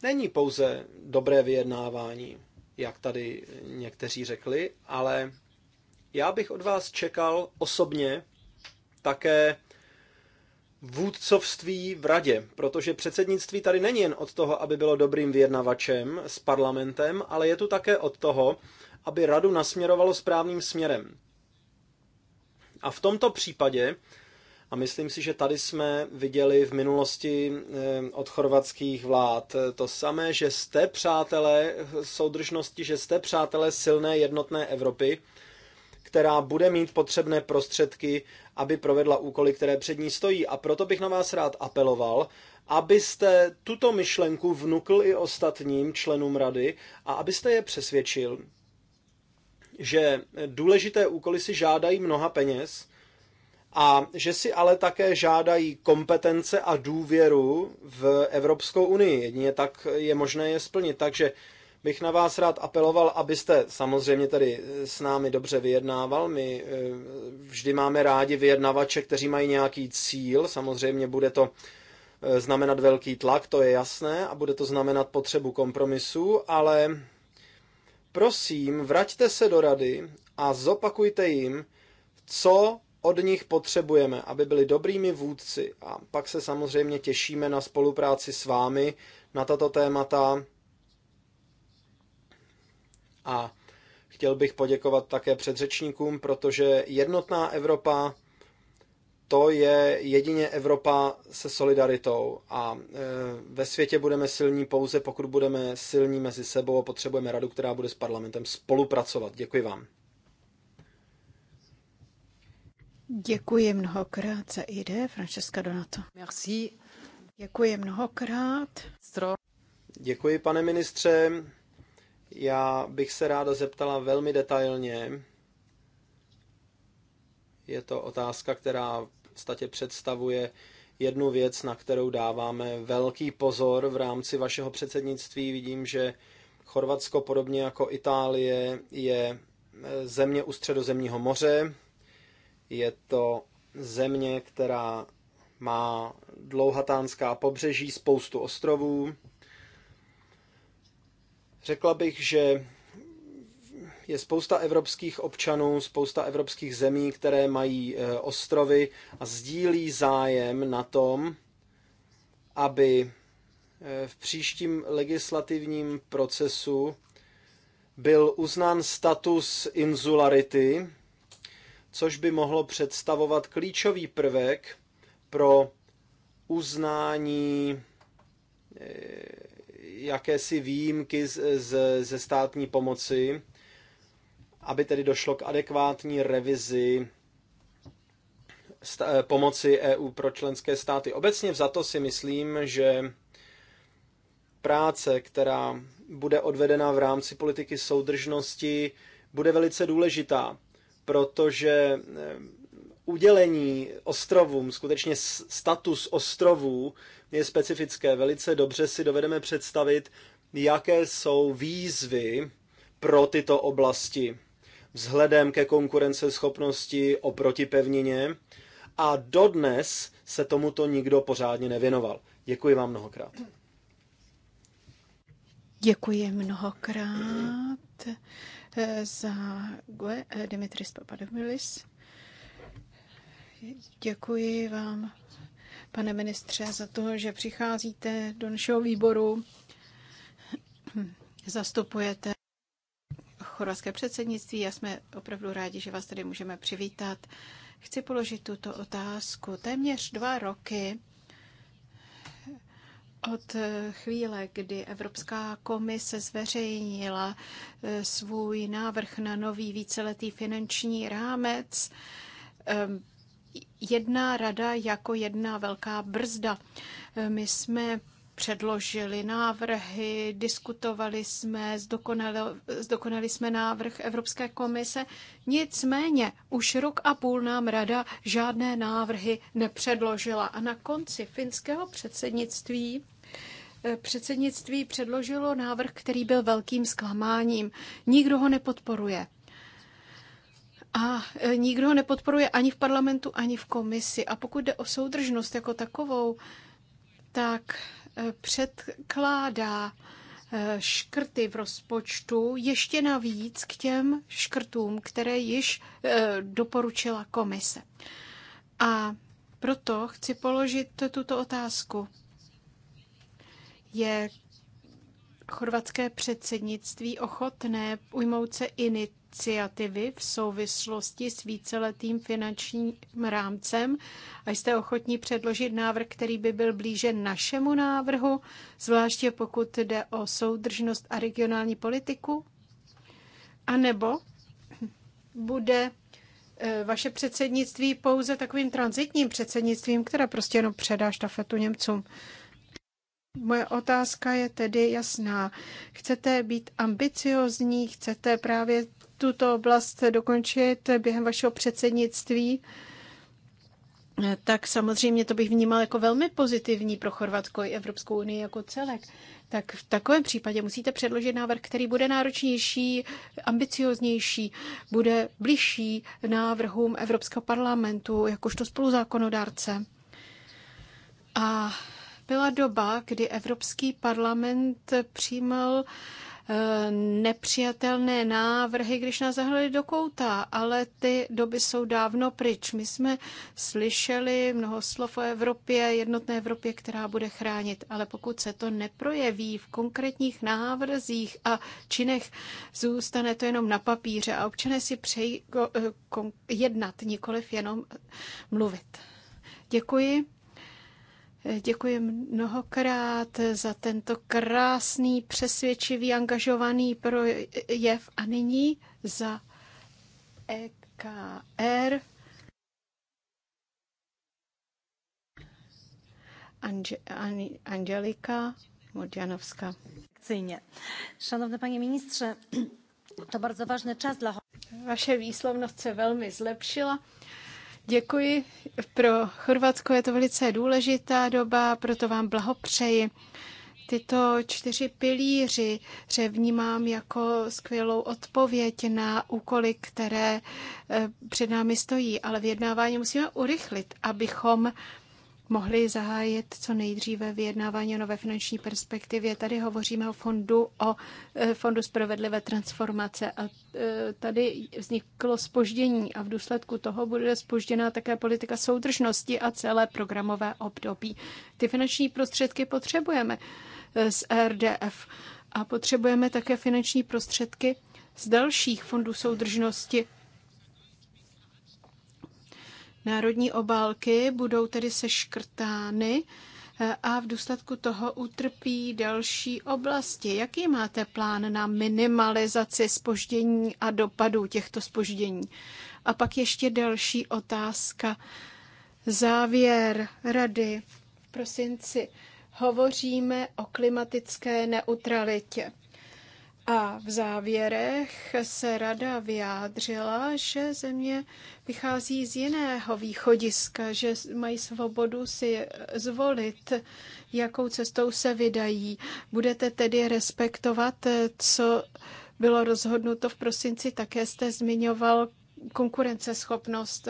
není pouze dobré vyjednávání, jak tady někteří řekli, ale já bych od vás čekal osobně také vůdcovství v radě, protože předsednictví tady není jen od toho, aby bylo dobrým vyjednavačem s parlamentem, ale je tu také od toho, aby radu nasměrovalo správným směrem. A v tomto případě, a myslím si, že tady jsme viděli v minulosti eh, od chorvatských vlád eh, to samé, že jste přátelé soudržnosti, že jste přátelé silné jednotné Evropy, která bude mít potřebné prostředky, aby provedla úkoly, které před ní stojí. A proto bych na vás rád apeloval, abyste tuto myšlenku vnukl i ostatním členům rady a abyste je přesvědčil, že důležité úkoly si žádají mnoha peněz a že si ale také žádají kompetence a důvěru v Evropskou unii. Jedině tak je možné je splnit. Takže bych na vás rád apeloval, abyste samozřejmě tady s námi dobře vyjednával. My eh, vždy máme rádi vyjednavače, kteří mají nějaký cíl. Samozřejmě bude to eh, znamenat velký tlak, to je jasné, a bude to znamenat potřebu kompromisu, ale Prosím, vraťte se do rady a zopakujte jim, co od nich potřebujeme, aby byli dobrými vůdci. A pak se samozřejmě těšíme na spolupráci s vámi na tato témata. A chtěl bych poděkovat také předřečníkům, protože jednotná Evropa to je jedině Evropa se solidaritou a e, ve světě budeme silní pouze, pokud budeme silní mezi sebou a potřebujeme radu, která bude s parlamentem spolupracovat. Děkuji vám. Děkuji mnohokrát za ide, Francesca Donato. Merci. Děkuji mnohokrát. Děkuji, pane ministře. Já bych se ráda zeptala velmi detailně. Je to otázka, která podstatě představuje jednu věc, na kterou dáváme velký pozor v rámci vašeho předsednictví. Vidím, že Chorvatsko, podobně jako Itálie, je e, země u středozemního moře. Je to země, která má dlouhatánská pobřeží, spoustu ostrovů. Řekla bych, že je spousta evropských občanů, spousta evropských zemí, které mají e, ostrovy a sdílí zájem na tom, aby e, v příštím legislativním procesu byl uznán status insularity, což by mohlo představovat klíčový prvek pro uznání e, jakési výjimky z, ze státní pomoci aby tedy došlo k adekvátní revizi eh, pomoci EU pro členské státy. Obecně to si myslím, že práce, která bude odvedena v rámci politiky soudržnosti, bude velice důležitá, protože eh, udělení ostrovům, skutečně status ostrovů je specifické. Velice dobře si dovedeme představit, jaké jsou výzvy pro tyto oblasti vzhledem ke konkurenceschopnosti oproti pevnině a dodnes se tomuto nikdo pořádně nevěnoval. Děkuji vám mnohokrát. Děkuji mnohokrát eh, za eh, Dimitris Papadomilis. Děkuji vám, pane ministře, za to, že přicházíte do našeho výboru, zastupujete chorvatské předsednictví a jsme opravdu rádi, že vás tady můžeme přivítat. Chci položit tuto otázku. Téměř dva roky od chvíle, kdy Evropská komise zveřejnila eh, svůj návrh na nový víceletý finanční rámec, eh, jedna rada jako jedna velká brzda. Eh, my jsme předložili návrhy, diskutovali jsme, zdokonali, zdokonali jsme návrh Evropské komise. Nicméně už rok a půl nám rada žádné návrhy nepředložila. A na konci finského předsednictví eh, předsednictví předložilo návrh, který byl velkým zklamáním. Nikdo ho nepodporuje. A eh, nikdo ho nepodporuje ani v parlamentu, ani v komisi. A pokud jde o soudržnost jako takovou, tak eh, předkládá eh, škrty v rozpočtu ještě navíc k těm škrtům, které již eh, doporučila komise. A proto chci položit tuto otázku. Je chorvatské předsednictví ochotné ujmout se iniciativy v souvislosti s víceletým finančním rámcem a jste ochotní předložit návrh, který by byl blíže našemu návrhu, zvláště pokud jde o soudržnost a regionální politiku? A nebo bude eh, vaše předsednictví pouze takovým transitním předsednictvím, které prostě jenom předá štafetu Němcům? Moje otázka je tedy jasná. Chcete být ambiciozní, chcete právě tuto oblast dokončit během vašeho předsednictví, tak samozřejmě to bych vnímal jako velmi pozitivní pro Chorvatsko i Evropskou unii jako celek. Tak v takovém případě musíte předložit návrh, který bude náročnější, ambicioznější, bude blížší návrhům Evropského parlamentu jakožto spoluzákonodárce. A byla doba, kdy Evropský parlament přijímal uh, Eh, nepřijatelné návrhy, když nás zahrali do kouta, ale ty doby jsou dávno pryč. My jsme slyšeli mnoho slov o Evropě, jednotné Evropě, která bude chránit, ale pokud se to neprojeví v konkrétních návrzích a činech, zůstane to jenom na papíře a občané si přejí eh, jednat, nikoliv jenom mluvit. Děkuji. Děkuji mnohokrát za tento krásný, přesvědčivý, angažovaný projev a nyní za EKR. Ange, Angelika Modianowska. Szanowny panie ministrze, to bardzo ważny czas dla... Vaše výslovnost se velmi zlepšila. Děkuji. Pro Chorvatsko je to velice důležitá doba, proto vám blahopřeji. Tyto čtyři pilíři že vnímám jako skvělou odpověď na úkoly, které eh, před námi stojí, ale vyjednávání musíme urychlit, abychom mohli zahájit co nejdříve vyjednávání o nové finanční perspektivě. Tady hovoříme o fondu, o e, fondu spravedlivé transformace a e, tady vzniklo spoždění a v důsledku toho bude spožděná také politika soudržnosti a celé programové období. Ty finanční prostředky potřebujeme e, z RDF a potřebujeme také finanční prostředky z dalších fondů soudržnosti Národní obálky budou tedy seškrtány eh, a v důsledku toho utrpí další oblasti. Jaký máte plán na minimalizaci spoždění a dopadů těchto spoždění? A pak ještě další otázka. Závěr rady v prosinci. Hovoříme o klimatické neutralitě. A v závěrech se rada vyjádřila, že země vychází z jiného východiska, že mají svobodu si zvolit, jakou cestou se vydají. Budete tedy respektovat, co bylo rozhodnuto v prosinci, také jste zmiňoval konkurenceschopnost.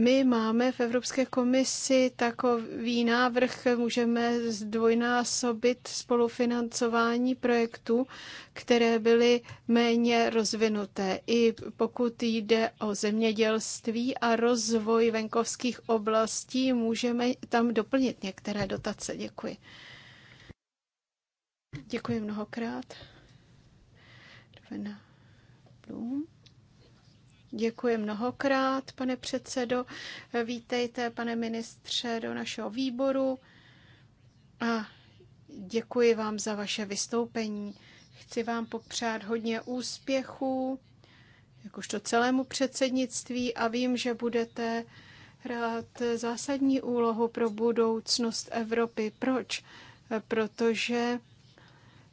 My máme v Evropské komisi takový návrh, můžeme zdvojnásobit spolufinancování projektů, které byly méně rozvinuté. I pokud jde o zemědělství a rozvoj venkovských oblastí, můžeme tam doplnit některé dotace. Děkuji. Děkuji mnohokrát. Rovena Blum. Děkuji mnohokrát, pane předsedo. Vítejte, pane ministře, do našeho výboru a děkuji vám za vaše vystoupení. Chci vám popřát hodně úspěchů, jakožto celému předsednictví a vím, že budete hrát zásadní úlohu pro budoucnost Evropy. Proč? Protože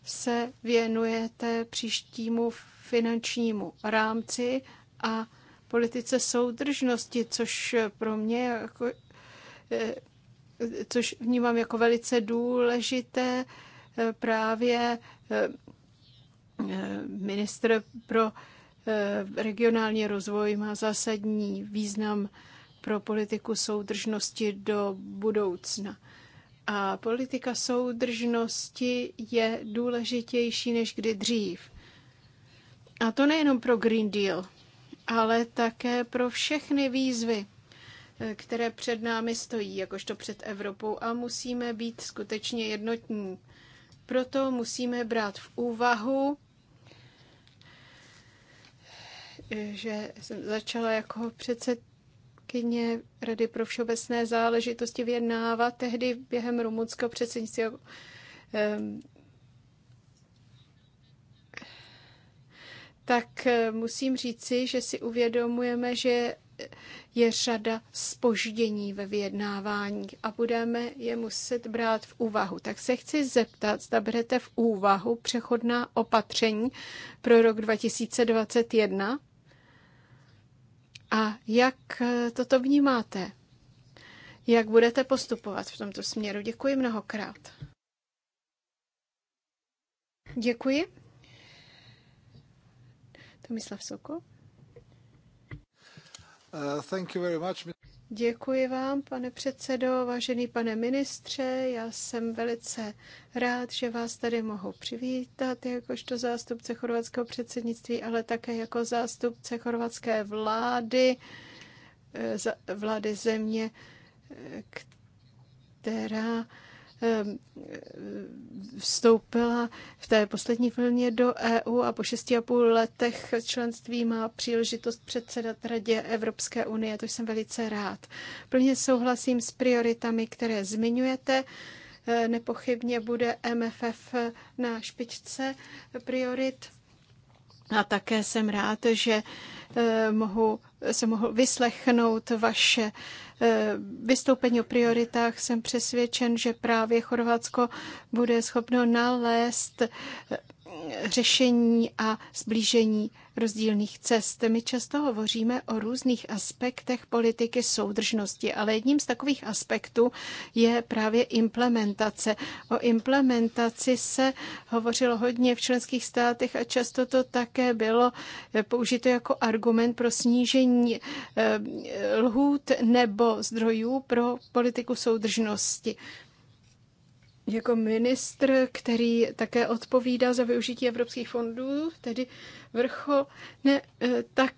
se věnujete příštímu finančnímu rámci a politice soudržnosti, což pro mě jako, eh, což vnímám jako velice důležité eh, právě eh, ministr pro regionální rozvoj má zásadní význam pro politiku soudržnosti do budoucna. A politika soudržnosti je důležitější než kdy dřív. A to nejenom pro Green Deal – ale také pro všechny výzvy, eh, které před námi stojí, jakožto před Evropou, a musíme být skutečně jednotní. Proto musíme brát v úvahu, eh, že jsem začala jako předsedkyně Rady pro všeobecné záležitosti vyjednávat tehdy během rumunského předsednictví eh, tak eh, musím říci, že si uvědomujeme, že je řada spoždění ve vyjednávání a budeme je muset brát v úvahu. Tak se chci zeptat, zda berete v úvahu přechodná opatření pro rok 2021 a jak eh, toto vnímáte? Jak budete postupovat v tomto směru? Děkuji mnohokrát. Děkuji. Tomislav Sokol. Uh, Děkuji vám, pane předsedo, vážený pane ministře. Já jsem velice rád, že vás tady mohu přivítat jakožto zástupce chorvatského předsednictví, ale také jako zástupce chorvatské vlády, eh, vlády země, eh, která Ehm, e, vstoupila v té poslední vlně do EU a po šesti a půl letech členství má příležitost předsedat Radě Evropské unie. To jsem velice rád. Plně souhlasím s prioritami, které zmiňujete ehm, nepochybně bude MFF na špičce priorit. A také jsem rád, že eh, mohu, se mohl vyslechnout vaše eh, vystoupení o prioritách. Jsem přesvědčen, že právě Chorvatsko bude schopno nalézt eh, řešení a zblížení rozdílných cest. My často hovoříme o různých aspektech politiky soudržnosti, ale jedním z takových aspektů je právě implementace. O implementaci se hovořilo hodně v členských státech a často to také bylo použito jako argument pro snížení eh, lhůt nebo zdrojů pro politiku soudržnosti jako ministr, který také odpovídá za využití evropských fondů, tedy vrcho, ne, eh, tak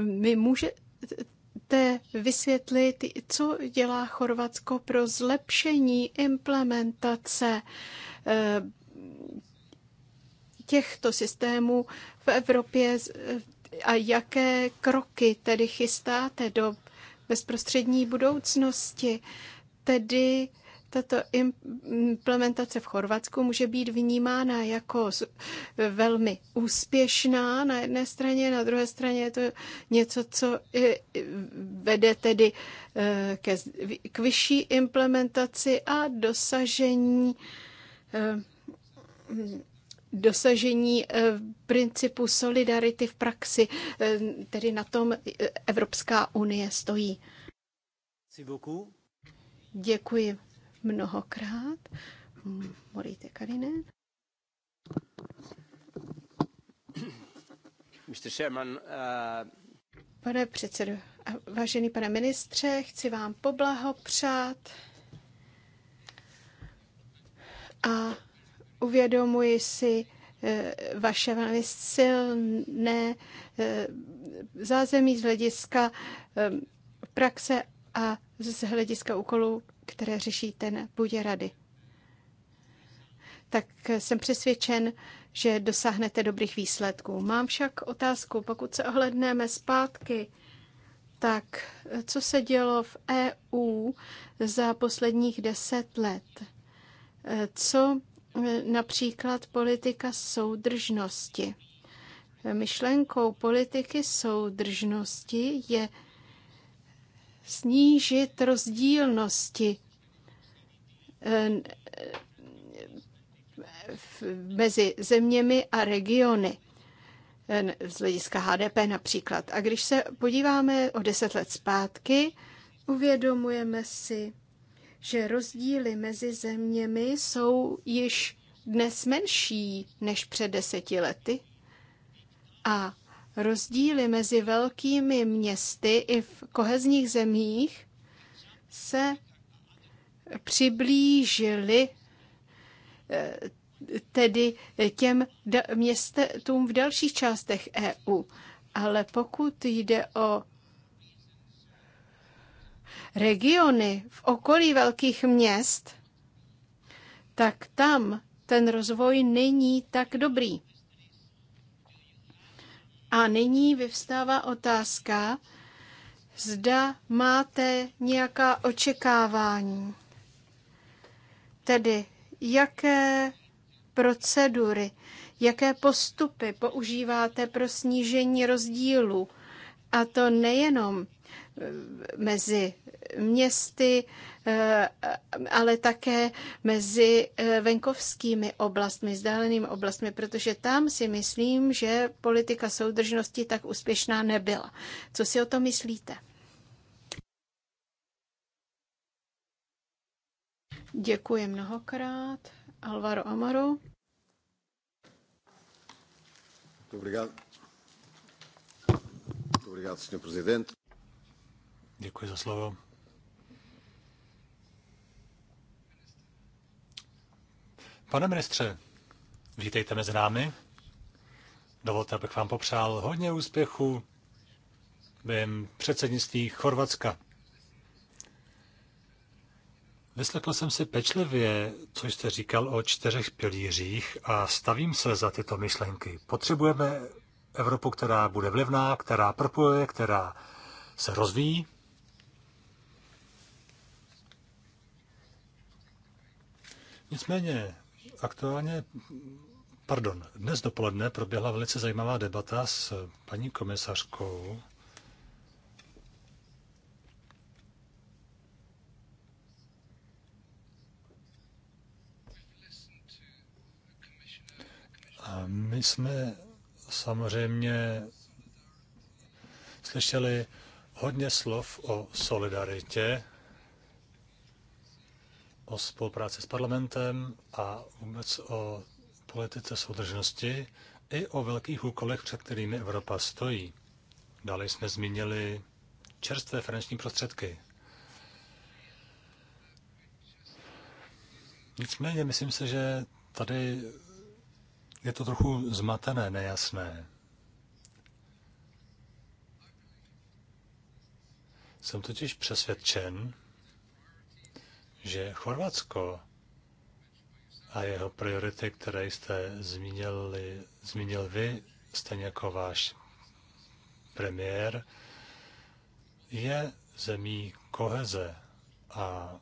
mi eh, můžete vysvětlit, co dělá Chorvatsko pro zlepšení implementace eh, těchto systémů v Evropě a jaké kroky tedy chystáte do bezprostřední budoucnosti Tedy tato implementace v Chorvatsku může být vnímána jako velmi úspěšná na jedné straně, na druhé straně je to něco, co vede tedy eh, ke, k vyšší implementaci a dosažení eh, dosažení eh, principu solidarity v praxi, tedy na tom Evropská unie stojí. Merci beaucoup. Děkuji mnohokrát. Moríte Karine. Mr. Sherman, uh... Pane předsedo, vážený pane ministře, chci vám poblahopřát a uvědomuji si eh, vaše velmi silné eh, zázemí z hlediska eh, praxe a z hlediska úkolů, které řeší ten půdě rady. Tak jsem přesvědčen, že dosáhnete dobrých výsledků. Mám však otázku, pokud se ohledneme zpátky, tak co se dělo v EU za posledních deset let? Co například politika soudržnosti? Myšlenkou politiky soudržnosti je snížit rozdílnosti eh, mezi zeměmi a regiony eh, z hlediska HDP například. A když se podíváme o deset let zpátky, uvědomujeme si, že rozdíly mezi zeměmi jsou již dnes menší než před deseti lety. A rozdíly mezi velkými městy i v kohezních zemích se přiblížily eh, tedy těm městům v dalších částech EU. Ale pokud jde o regiony v okolí velkých měst, tak tam ten rozvoj není tak dobrý. A nyní vyvstává otázka, zda máte nějaká očekávání. Tedy, jaké procedury, jaké postupy používáte pro snížení rozdílů. A to nejenom eh, mezi městy, Eh, ale také mezi eh, venkovskými oblastmi, vzdálenými oblastmi, protože tam si myslím, že politika soudržnosti tak úspěšná nebyla. Co si o to myslíte? Děkuji mnohokrát. Alvaro Amaro. Děkuji za slovo. Pane ministře, vítejte mezi námi. Dovolte, abych vám popřál hodně úspěchu během předsednictví Chorvatska. Vyslechl jsem si pečlivě, co jste říkal o čtyřech pilířích a stavím se za tyto myšlenky. Potřebujeme Evropu, která bude vlivná, která propojuje, která se rozvíjí. Nicméně Aktuálně, pardon, dnes dopoledne proběhla velice zajímavá debata s paní komisařkou A my jsme samozřejmě slyšeli hodně slov o solidaritě o spolupráci s parlamentem a vůbec o politice soudržnosti i o velkých úkolech, před kterými Evropa stojí. Dále jsme zmínili čerstvé finanční prostředky. Nicméně myslím se, že tady je to trochu zmatené, nejasné. Jsem totiž přesvědčen, že Chorvatsko a jeho priority, které jste zmínili, zmínil vy, stejně jako váš premiér, je zemí koheze a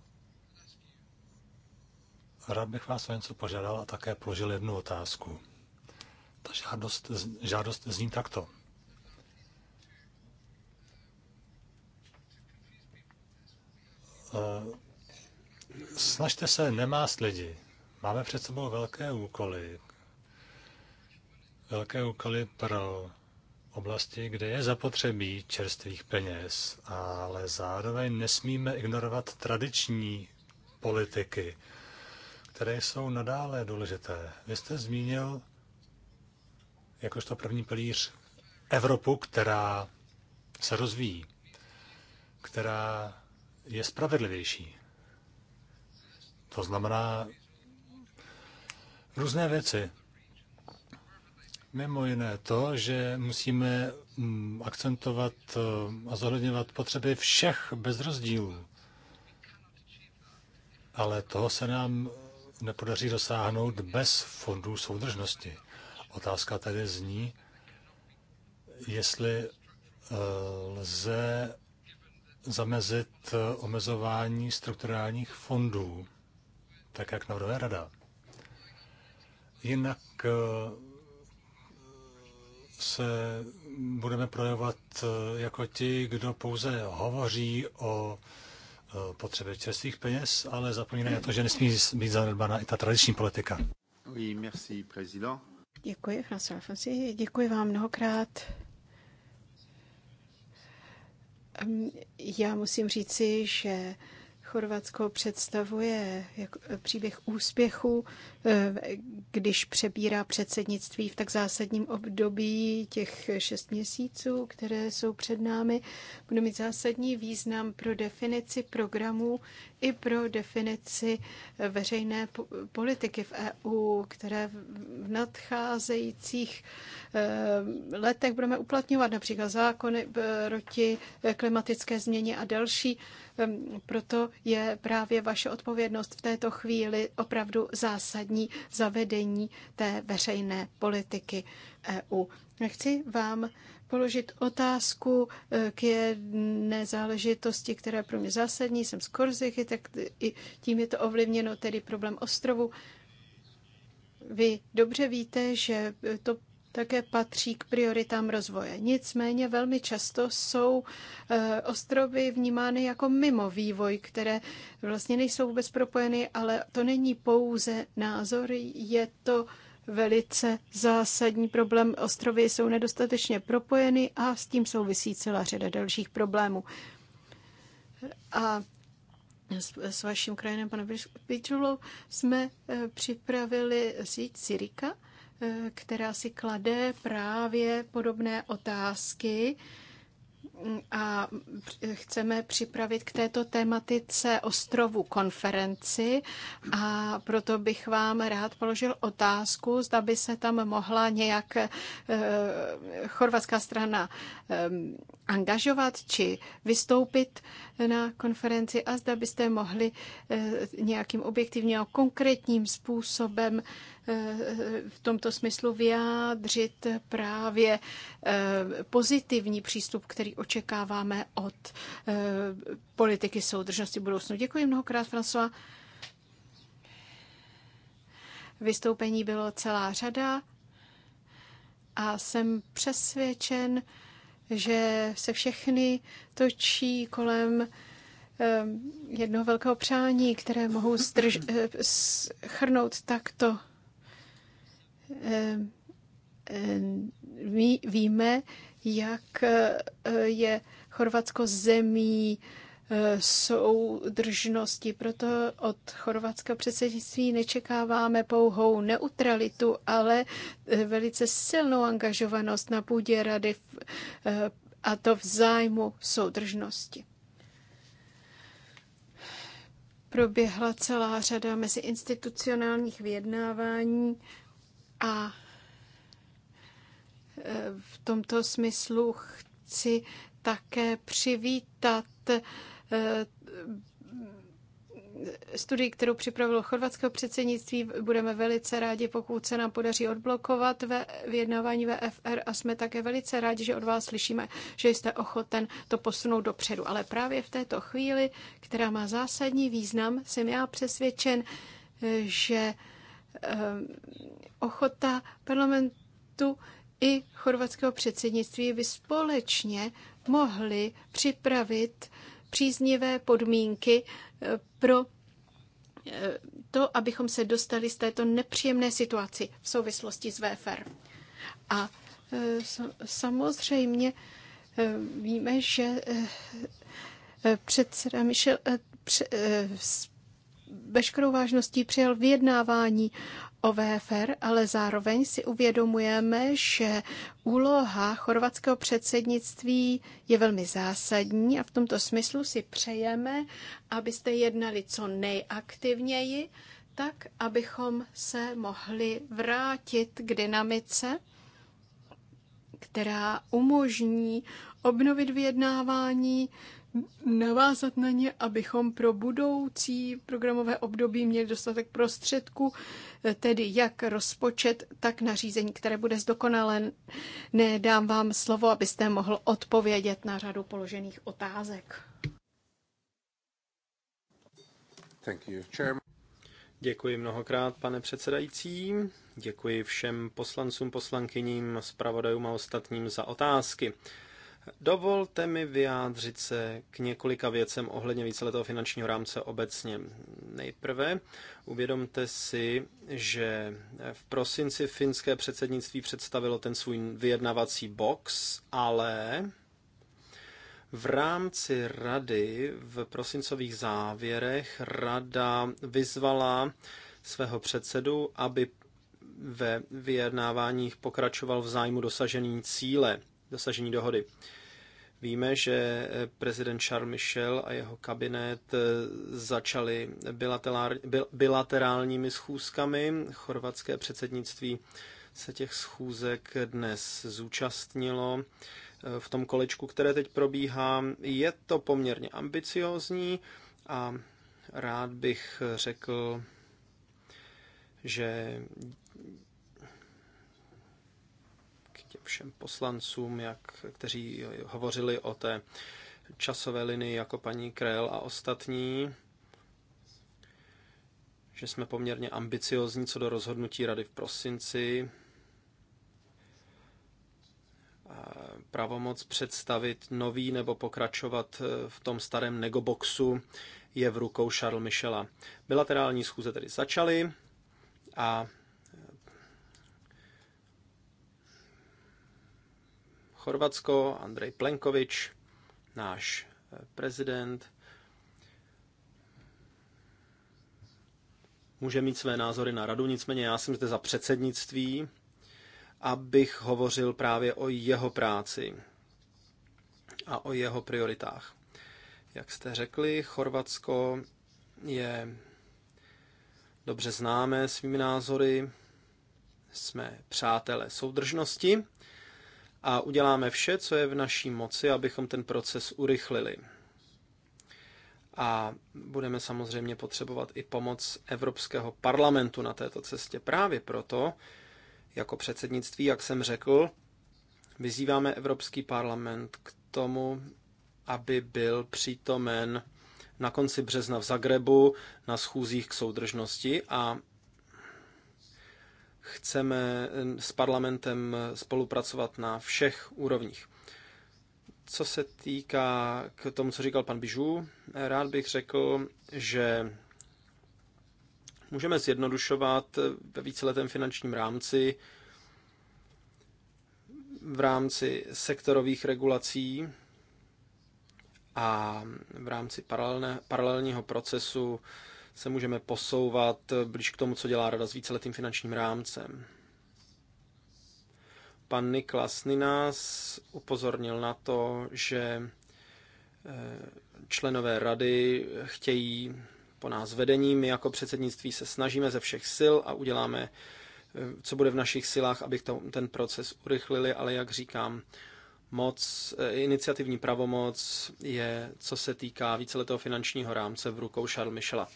rád bych vás o něco požádal a také položil jednu otázku. Ta žádost, žádost zní takto. Uh, Snažte se nemást lidi. Máme před sebou velké úkoly. Velké úkoly pro oblasti, kde je zapotřebí čerstvých peněz, ale zároveň nesmíme ignorovat tradiční politiky, které jsou nadále důležité. Vy jste zmínil jakožto první pilíř Evropu, která se rozvíjí, která je spravedlivější. To znamená různé věci. Mimo jiné to, že musíme mm, akcentovat eh, a zohledňovat potřeby všech bez rozdílů. Ale toho se nám nepodaří dosáhnout bez fondů soudržnosti. Otázka tedy zní, jestli eh, lze zamezit eh, omezování strukturálních fondů tak jak navrhuje rada. Jinak eh, se budeme projevovat eh, jako ti, kdo pouze hovoří o eh, potřebě čerstvých peněz, ale zapomínají na to, že nesmí být zanedbána i ta tradiční politika. Oui, merci, Děkuji, François Alfonsi. Děkuji vám mnohokrát. Já musím říci, že Chorvatsko představuje jako příběh úspěchu, eh, když přebírá předsednictví v tak zásadním období těch šest měsíců, které jsou před námi. Bude mít zásadní význam pro definici programů, i pro definici veřejné politiky v EU, které v nadcházejících eh, letech budeme uplatňovat, například zákony eh, proti eh, klimatické změně a další. Ehm, proto je právě vaše odpovědnost v této chvíli opravdu zásadní zavedení té veřejné politiky EU. Chci vám položit otázku eh, k jedné záležitosti, která je pro mě zásadní. Jsem z Korzichy, tak i tím je to ovlivněno, tedy problém ostrovu. Vy dobře víte, že to také patří k prioritám rozvoje. Nicméně velmi často jsou eh, ostrovy vnímány jako mimo vývoj, které vlastně nejsou vůbec propojeny, ale to není pouze názor, je to velice zásadní problém. Ostrovy jsou nedostatečně propojeny a s tím souvisí celá řada dalších problémů. A s, s vaším krajinem, pane Pičulou, jsme e, připravili síť Sirika, e, která si klade právě podobné otázky a chceme připravit k této tématice ostrovu konferenci a proto bych vám rád položil otázku, zda by se tam mohla nějak eh, chorvatská strana eh, angažovat či vystoupit na konferenci a zda byste mohli eh, nějakým objektivním a konkrétním způsobem v tomto smyslu vyjádřit právě eh, pozitivní přístup, který očekáváme od eh, politiky soudržnosti budoucnu. Děkuji mnohokrát, François. Vystoupení bylo celá řada a jsem přesvědčen, že se všechny točí kolem eh, jednoho velkého přání, které mohu strž- schrnout takto. Eh, eh, my víme, jak eh, je Chorvatsko zemí soudržnosti. Proto od chorvatského předsednictví nečekáváme pouhou neutralitu, ale velice silnou angažovanost na půdě rady a to v zájmu soudržnosti. Proběhla celá řada meziinstitucionálních vyjednávání a e, v tomto smyslu chci také přivítat e, studii, kterou připravilo chorvatského předsednictví. Budeme velice rádi, pokud se nám podaří odblokovat ve vyjednávání VFR a jsme také velice rádi, že od vás slyšíme, že jste ochoten to posunout dopředu. Ale právě v této chvíli, která má zásadní význam, jsem já přesvědčen, e, že ochota parlamentu i chorvatského předsednictví by společně mohli připravit příznivé podmínky eh, pro eh, to, abychom se dostali z této nepříjemné situaci v souvislosti s VFR. A eh, samozřejmě víme, že předseda Michel veškerou vážností přijal vyjednávání o VFR, ale zároveň si uvědomujeme, že úloha chorvatského předsednictví je velmi zásadní a v tomto smyslu si přejeme, abyste jednali co nejaktivněji, tak abychom se mohli vrátit k dynamice, která umožní obnovit vyjednávání navázat na ně, abychom pro budoucí programové období měli dostatek prostředků, tedy jak rozpočet, tak nařízení, které bude zdokonalé. Nedám vám slovo, abyste mohl odpovědět na řadu položených otázek. Thank you, Děkuji mnohokrát, pane předsedající. Děkuji všem poslancům, poslankyním, zpravodajům a ostatním za otázky. Dovolte mi vyjádřit se k několika věcem ohledně víceletého finančního rámce obecně. Nejprve uvědomte si, že v prosinci finské předsednictví představilo ten svůj vyjednavací box, ale v rámci rady v prosincových závěrech rada vyzvala svého předsedu, aby ve vyjednáváních pokračoval v zájmu dosažení cíle – dosažení dohody. Víme, že eh, prezident Charles Michel a jeho kabinet eh, začali bilaterálními schůzkami. Chorvatské předsednictví se těch schůzek dnes zúčastnilo. Eh, v tom kolečku, které teď probíhá, je to poměrně ambiciózní a rád bych řekl, že všem poslancům, jak, kteří hovořili o té časové linii jako paní Krell a ostatní, že jsme poměrně ambiciozní co do rozhodnutí rady v prosinci. Pravomoc představit nový nebo pokračovat v tom starém negoboxu je v rukou Charles Michela. Bilaterální schůze tedy začaly a Chorvatsko, Andrej Plenkovič, náš eh, prezident, může mít své názory na radu, nicméně já jsem zde za předsednictví, abych hovořil právě o jeho práci a o jeho prioritách. Jak jste řekli, Chorvatsko je dobře známé svými názory, jsme přátelé soudržnosti a uděláme vše, co je v naší moci, abychom ten proces urychlili. A budeme samozřejmě potřebovat i pomoc Evropského parlamentu na této cestě. Právě proto, jako předsednictví, jak jsem řekl, vyzýváme Evropský parlament k tomu, aby byl přítomen na konci března v Zagrebu na schůzích k soudržnosti a chceme eh, s parlamentem eh, spolupracovat na všech úrovních. Co se týká k tomu, co říkal pan Bižů, rád bych řekl, že můžeme zjednodušovat eh, ve víceletém finančním rámci v rámci sektorových regulací a v rámci paralelného paralelního procesu se můžeme posouvat blíž k tomu, co dělá Rada s víceletým finančním rámcem. Pan Niklas Ninas upozornil na to, že eh, členové rady chtějí po nás vedení. My jako předsednictví se snažíme ze všech sil a uděláme, eh, co bude v našich silách, abych to, ten proces urychlili, ale jak říkám, moc, eh, iniciativní pravomoc je, co se týká víceletého finančního rámce v rukou Charles Michela.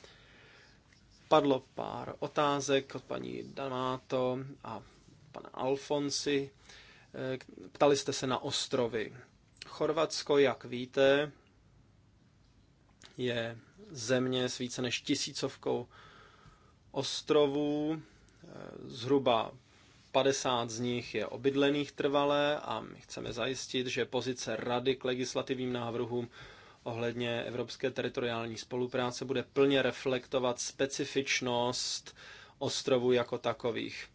Padlo pár otázek od paní Danáto a pana Alfonsi. Eh, ptali jste se na ostrovy. Chorvatsko, jak víte, je země s více než tisícovkou ostrovů. Eh, zhruba 50 z nich je obydlených trvalé a my chceme zajistit, že pozice rady k legislativním návrhům ohledně evropské teritoriální spolupráce bude plně reflektovat specifičnost ostrovů jako takových.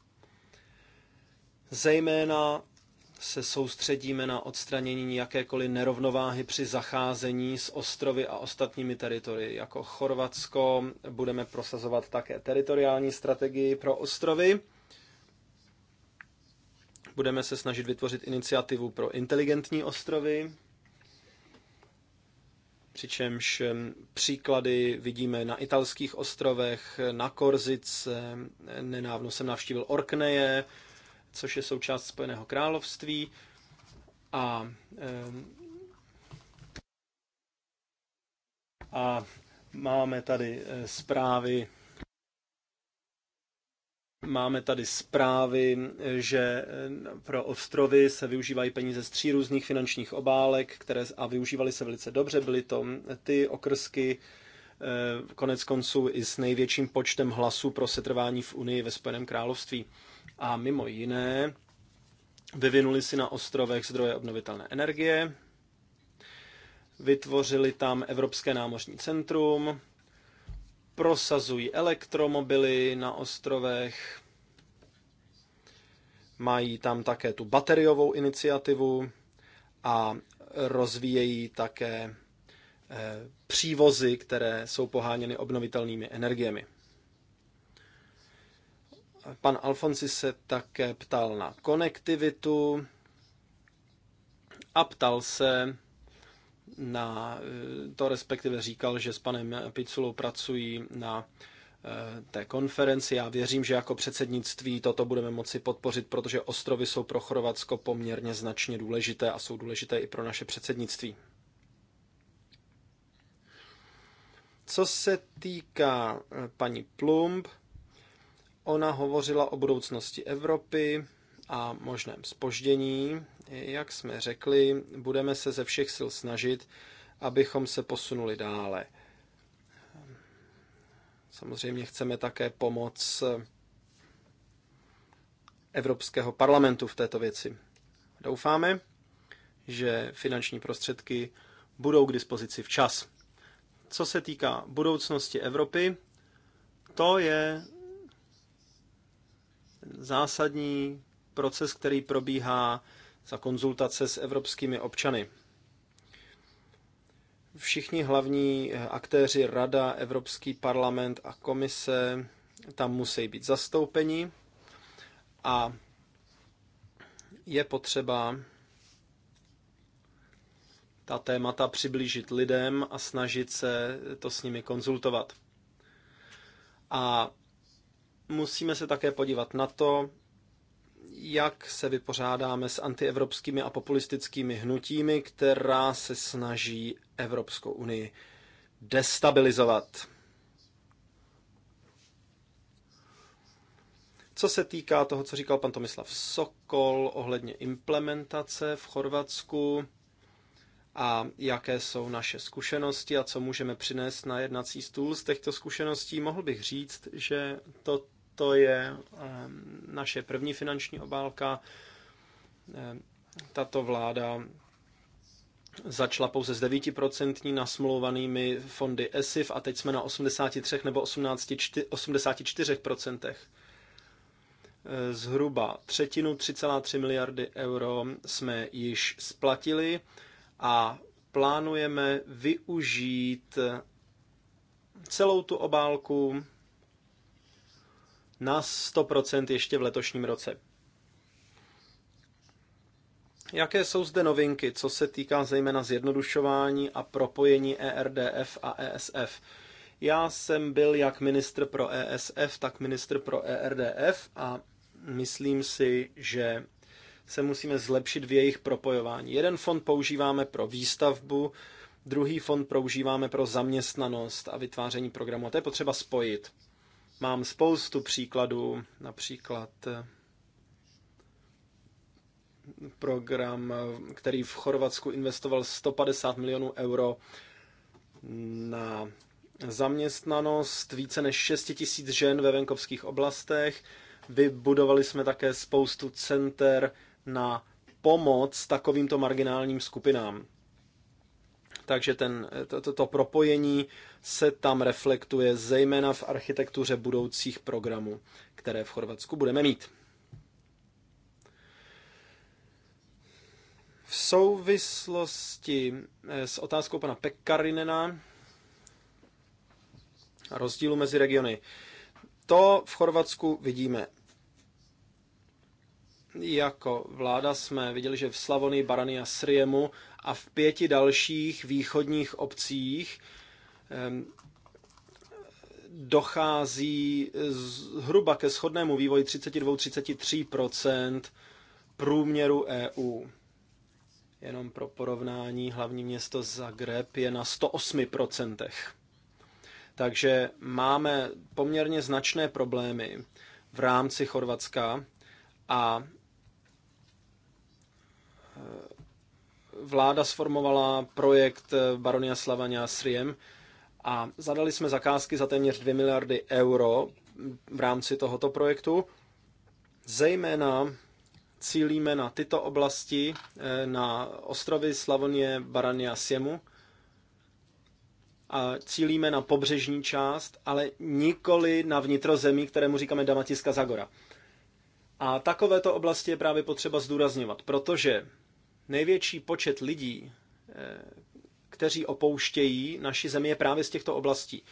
Zejména se soustředíme na odstranění jakékoliv nerovnováhy při zacházení s ostrovy a ostatními teritorii. Jako Chorvatsko budeme prosazovat také teritoriální strategii pro ostrovy. Budeme se snažit vytvořit iniciativu pro inteligentní ostrovy, přičemž příklady vidíme na italských ostrovech, na Korzice, nenávno jsem navštívil Orkneje, což je součást Spojeného království a a máme tady eh, zprávy Máme tady zprávy, že eh, pro ostrovy se využívají peníze z tří různých finančních obálek, které a využívaly se velice dobře. Byly to hm, ty okrsky, eh, konec konců i s největším počtem hlasů pro setrvání v Unii ve Spojeném království. A mimo jiné, vyvinuli si na ostrovech zdroje obnovitelné energie, vytvořili tam Evropské námořní centrum, prosazují elektromobily na ostrovech, mají tam také tu bateriovou iniciativu a rozvíjejí také eh, přívozy, které jsou poháněny obnovitelnými energiemi. Pan Alfonsi se také ptal na konektivitu a ptal se na eh, to, respektive říkal, že s panem Piculou pracují na eh, té konferenci. Já věřím, že jako předsednictví toto budeme moci podpořit, protože ostrovy jsou pro Chorvatsko poměrně značně důležité a jsou důležité i pro naše předsednictví. Co se týká eh, paní Plumb, ona hovořila o budoucnosti Evropy a možném spoždění. Jak jsme řekli, budeme se ze všech sil snažit, abychom se posunuli dále. Samozřejmě chceme také pomoc Evropského parlamentu v této věci. Doufáme, že finanční prostředky budou k dispozici včas. Co se týká budoucnosti Evropy, to je zásadní proces, který probíhá za konzultace s evropskými občany. Všichni hlavní aktéři Rada, Evropský parlament a komise tam musí být zastoupeni a je potřeba ta témata přiblížit lidem a snažit se to s nimi konzultovat. A musíme se také podívat na to, jak se vypořádáme s antievropskými a populistickými hnutími, která se snaží Evropskou unii destabilizovat. Co se týká toho, co říkal pan Tomislav Sokol ohledně implementace v Chorvatsku a jaké jsou naše zkušenosti a co můžeme přinést na jednací stůl z těchto zkušeností, mohl bych říct, že to to je ehm, naše první finanční obálka. Ehm, tato vláda začala pouze s 9% nasmluvanými fondy ESIF a teď jsme na 83 nebo 18, 84%. Ehm, zhruba třetinu, 3,3 miliardy euro jsme již splatili a plánujeme využít celou tu obálku na 100% ještě v letošním roce. Jaké jsou zde novinky, co se týká zejména zjednodušování a propojení ERDF a ESF? Já jsem byl jak ministr pro ESF, tak ministr pro ERDF a myslím si, že se musíme zlepšit v jejich propojování. Jeden fond používáme pro výstavbu, druhý fond používáme pro zaměstnanost a vytváření programu. A to je potřeba spojit. Mám spoustu příkladů, například eh, program, eh, který v Chorvatsku investoval 150 milionů euro na zaměstnanost více než 6 tisíc žen ve venkovských oblastech. Vybudovali jsme také spoustu center na pomoc takovýmto marginálním skupinám takže ten, to, to, to propojení se tam reflektuje zejména v architektuře budoucích programů, které v Chorvatsku budeme mít. V souvislosti eh, s otázkou pana Pekarinena a rozdílu mezi regiony. To v Chorvatsku vidíme. Jako vláda jsme viděli, že v Slavonii, Barany a Sriemu a v pěti dalších východních obcích dochází zhruba ke shodnému vývoji 32-33 průměru EU. Jenom pro porovnání, hlavní město Zagreb je na 108 Takže máme poměrně značné problémy v rámci Chorvatska a vláda sformovala projekt eh, Baronia Slavania Sriem a zadali jsme zakázky za téměř 2 miliardy euro v rámci tohoto projektu. Zejména cílíme na tyto oblasti, eh, na ostrovy Slavonie, Barania, Siemu a cílíme na pobřežní část, ale nikoli na vnitrozemí, kterému říkáme Damatiska Zagora. A takovéto oblasti je právě potřeba zdůrazňovat, protože Největší počet lidí, eh, kteří opouštějí naši zemi, je právě z těchto oblastí.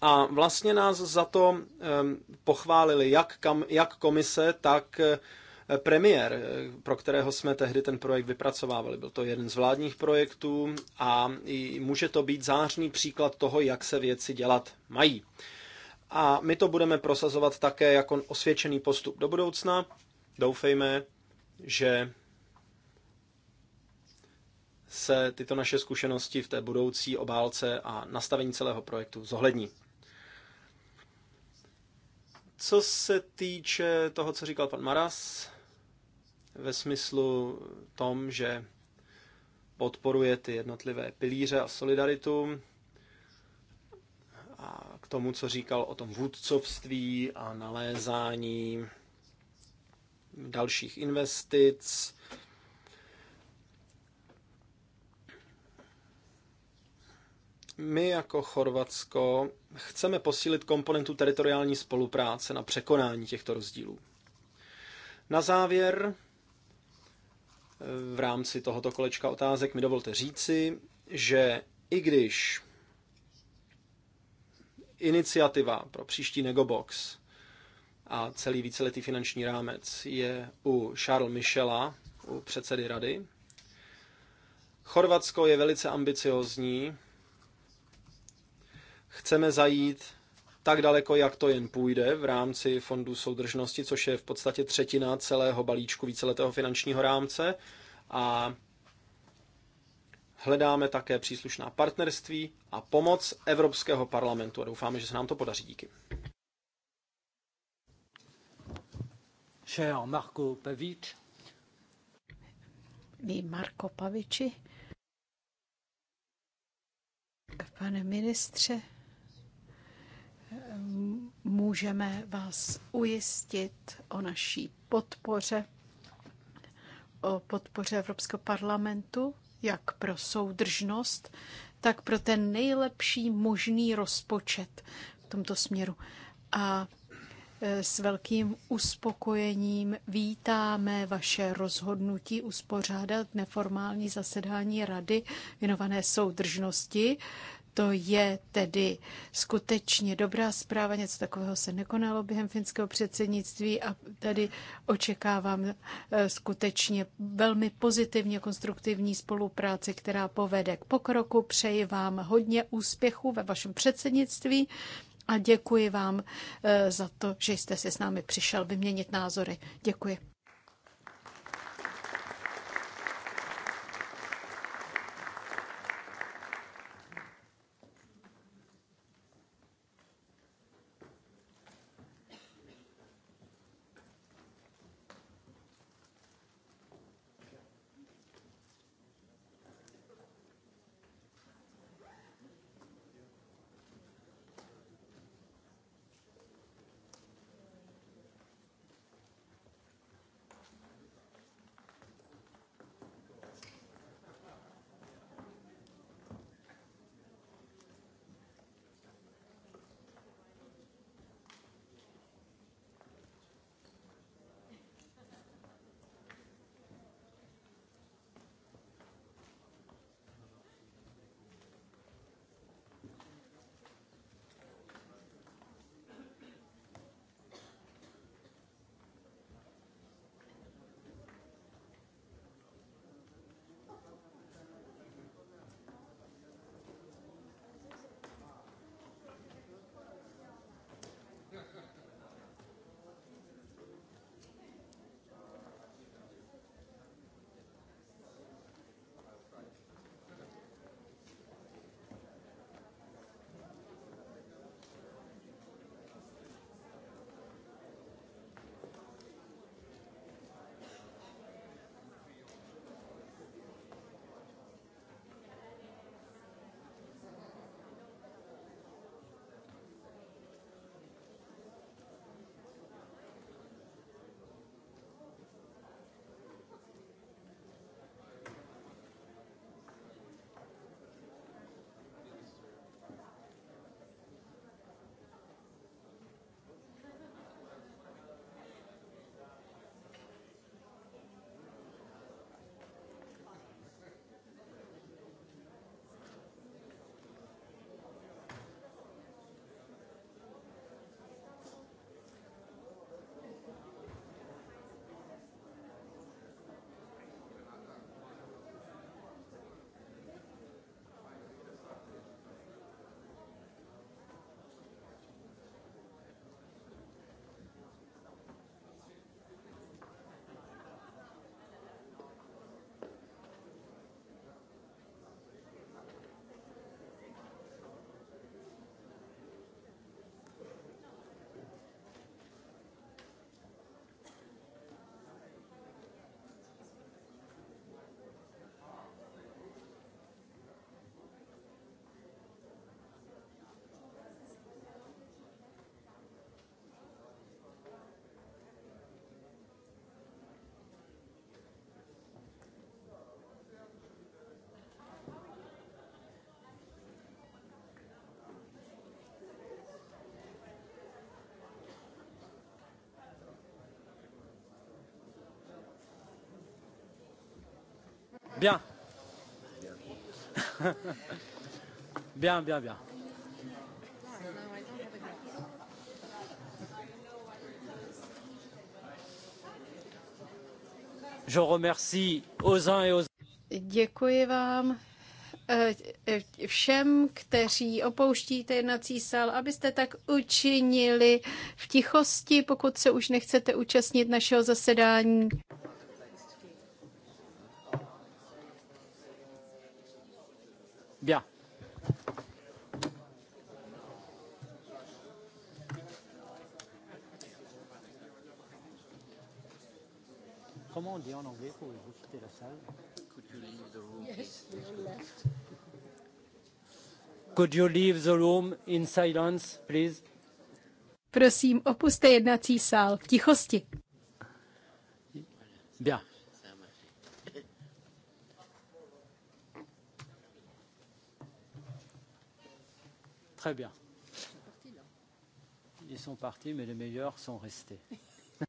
A vlastně nás za to ehm, pochválili jak, kam, jak komise, tak eh, premiér, eh, pro kterého jsme tehdy ten projekt vypracovávali. Byl to jeden z vládních projektů a může to být zářný příklad toho, jak se věci dělat mají. A my to budeme prosazovat také jako osvědčený postup do budoucna. Doufejme, že se tyto naše zkušenosti v té budoucí obálce a nastavení celého projektu zohlední. Co se týče toho, co říkal pan Maras, ve smyslu tom, že podporuje ty jednotlivé pilíře a solidaritu, a k tomu, co říkal o tom vůdcovství a nalézání dalších investic. My jako Chorvatsko chceme posílit komponentu teritoriální spolupráce na překonání těchto rozdílů. Na závěr, eh, v rámci tohoto kolečka otázek, mi dovolte říci, že i když iniciativa pro příští Negobox a celý víceletý finanční rámec je u Charles Michela, u předsedy rady. Chorvatsko je velice ambiciozní. Chceme zajít tak daleko, jak to jen půjde v rámci fondu soudržnosti, což je v podstatě třetina celého balíčku víceletého finančního rámce. A hledáme také příslušná partnerství a pomoc Evropského parlamentu a doufáme, že se nám to podaří. Díky. Cher Marko Pavic. Marko Paviči. Pane ministře, můžeme vás ujistit o naší podpoře, o podpoře Evropského parlamentu, jak pro soudržnost, tak pro ten nejlepší možný rozpočet v tomto směru. A s velkým uspokojením vítáme vaše rozhodnutí uspořádat neformální zasedání Rady věnované soudržnosti. To je tedy skutečně dobrá zpráva, něco takového se nekonalo během finského předsednictví a tady očekávám eh, skutečně velmi pozitivně konstruktivní spolupráci, která povede k pokroku. Přeji vám hodně úspěchu ve vašem předsednictví a děkuji vám eh, za to, že jste si s námi přišel vyměnit názory. Děkuji. Bien. bien, bien, bien. Je remercie aux uns et aux Děkuji vám eh, všem, kteří opouštíte jednací sál, abyste tak učinili v tichosti, pokud se už nechcete účastnit našeho zasedání. comment on dit en anglais pour vous quitter la salle Could you leave the room? Yes, we all left. Could you leave the room in silence, please? Prosím, opuste jednací sál v tichosti. Bien. Très bien. Ils sont partis, mais les meilleurs sont restés.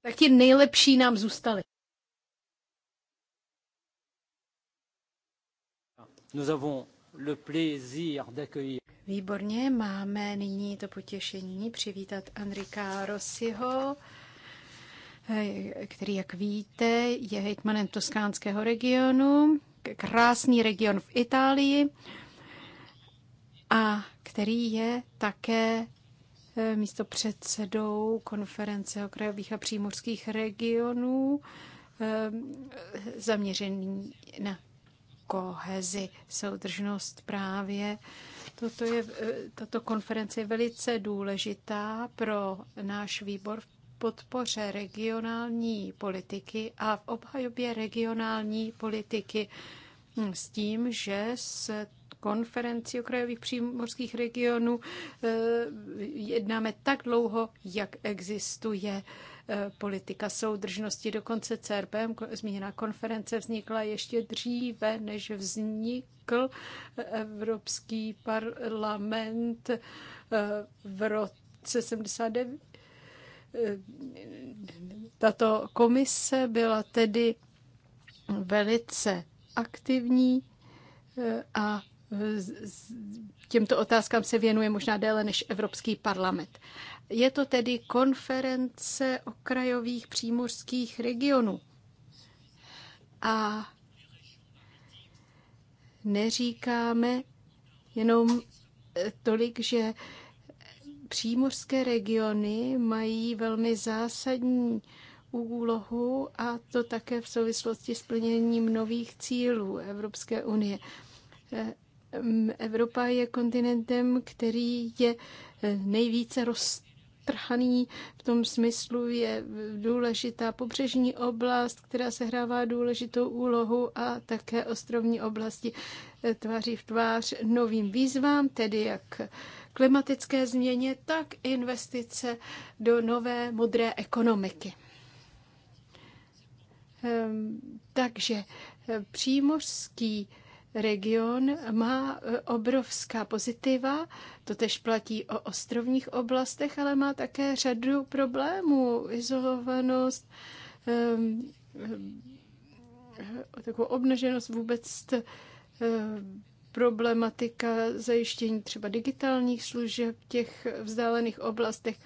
Tak ti nejlepší nám zůstali. Nous avons le plaisir d'accueillir. Výborně, máme nyní to potěšení přivítat Andrika Rossiho, eh, který, jak víte, je hejtmanem Toskánského regionu, krásný region v Itálii a který je také eh, místo předsedou konference okrajových a přímořských regionů eh, zaměřený na kohezi, soudržnost právě. Toto je, eh, tato konference je velice důležitá pro náš výbor v podpoře regionální politiky a v obhajobě regionální politiky hm, s tím, že s konferenci okrajových přímorských regionů eh, jednáme tak dlouho, jak existuje Eh, politika soudržnosti. Dokonce CRPM, zmíněná konference, vznikla ještě dříve, než vznikl Evropský parlament eh, v roce 79. Eh, tato komise byla tedy velice aktivní a těmto otázkám se věnuje možná déle než Evropský parlament. Je to tedy konference okrajových přímořských regionů. A neříkáme jenom eh, tolik, že přímořské regiony mají velmi zásadní úlohu a to také v souvislosti s plněním nových cílů Evropské unie. Eh, Evropa je kontinentem, který je eh, nejvíce rost trhaný. V tom smyslu je důležitá pobřežní oblast, která sehrává důležitou úlohu a také ostrovní oblasti tváří v tvář novým výzvám, tedy jak klimatické změně, tak investice do nové modré ekonomiky. Ehm, takže eh, přímořský region má e, obrovská pozitiva, to tež platí o ostrovních oblastech, ale má také řadu problémů, izolovanost, e, takovou obnaženost vůbec e, problematika zajištění třeba digitálních služeb v těch vzdálených oblastech.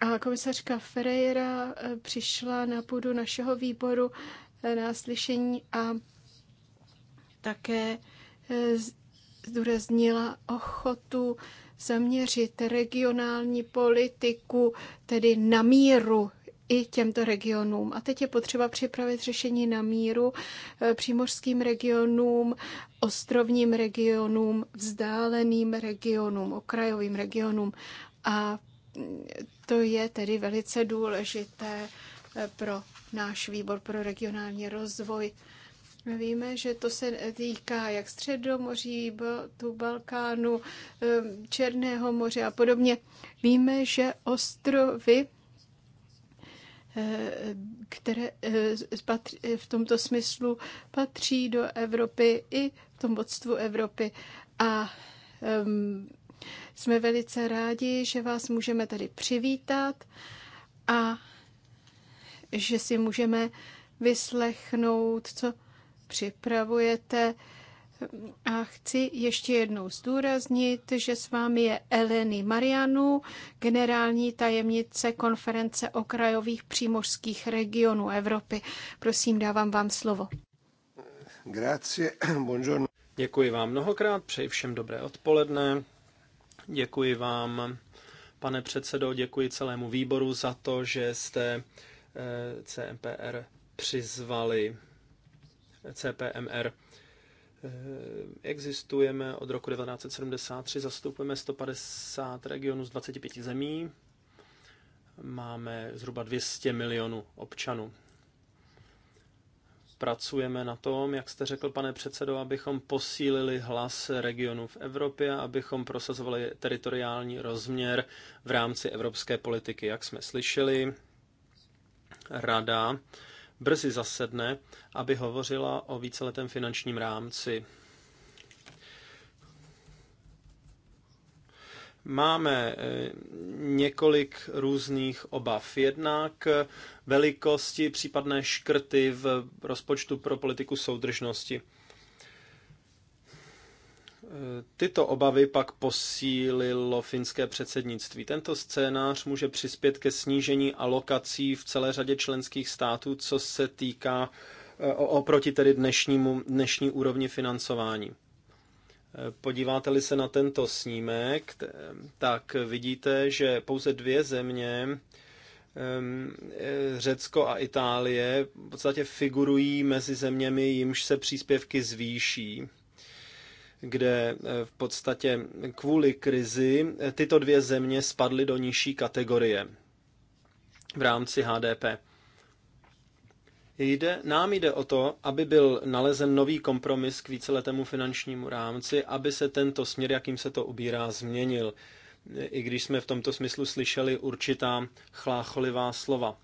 A komisařka Ferreira přišla na půdu našeho výboru na slyšení a také eh, zdůraznila ochotu zaměřit regionální politiku, tedy na míru i těmto regionům. A teď je potřeba připravit řešení na míru eh, přímořským regionům, ostrovním regionům, vzdáleným regionům, okrajovým regionům. A mm, to je tedy velice důležité eh, pro náš výbor pro regionální rozvoj. My víme, že to se týká jak Středomoří, tu Balkánu, Černého moře a podobně. Víme, že ostrovy eh, které eh, eh, v tomto smyslu patří do Evropy i v tom vodstvu Evropy. A jsme velice rádi, že vás můžeme tady přivítat a že si můžeme vyslechnout, co připravujete. A chci ještě jednou zdůraznit, že s vámi je Eleny Marianu, generální tajemnice konference okrajových přímořských regionů Evropy. Prosím, dávám vám slovo. Grazie, buongiorno. Děkuji vám mnohokrát, přeji všem dobré odpoledne. Děkuji vám, pane předsedo, děkuji celému výboru za to, že jste eh, CMPR přizvali CPMR. Eh, existujeme od roku 1973, zastupujeme 150 regionů z 25 zemí, máme zhruba 200 milionů občanů. Pracujeme na tom, jak jste řekl, pane předsedo, abychom posílili hlas regionů v Evropě, abychom prosazovali teritoriální rozměr v rámci evropské politiky. Jak jsme slyšeli, Rada brzy zasedne, aby hovořila o víceletém finančním rámci. Máme eh, několik různých obav. Jednak eh, velikosti, případné škrty v rozpočtu pro politiku soudržnosti. Tyto obavy pak posílilo finské předsednictví. Tento scénář může přispět ke snížení alokací v celé řadě členských států, co se týká e, oproti tedy dnešnímu, dnešní úrovni financování. E, podíváte-li se na tento snímek, tak vidíte, že pouze dvě země, e, Řecko a Itálie, v podstatě figurují mezi zeměmi, jimž se příspěvky zvýší kde eh, v podstatě kvůli krizi eh, tyto dvě země spadly do nižší kategorie v rámci HDP. Jde, nám jde o to, aby byl nalezen nový kompromis k víceletému finančnímu rámci, aby se tento směr, jakým se to ubírá, změnil. I když jsme v tomto smyslu slyšeli určitá chlácholivá slova.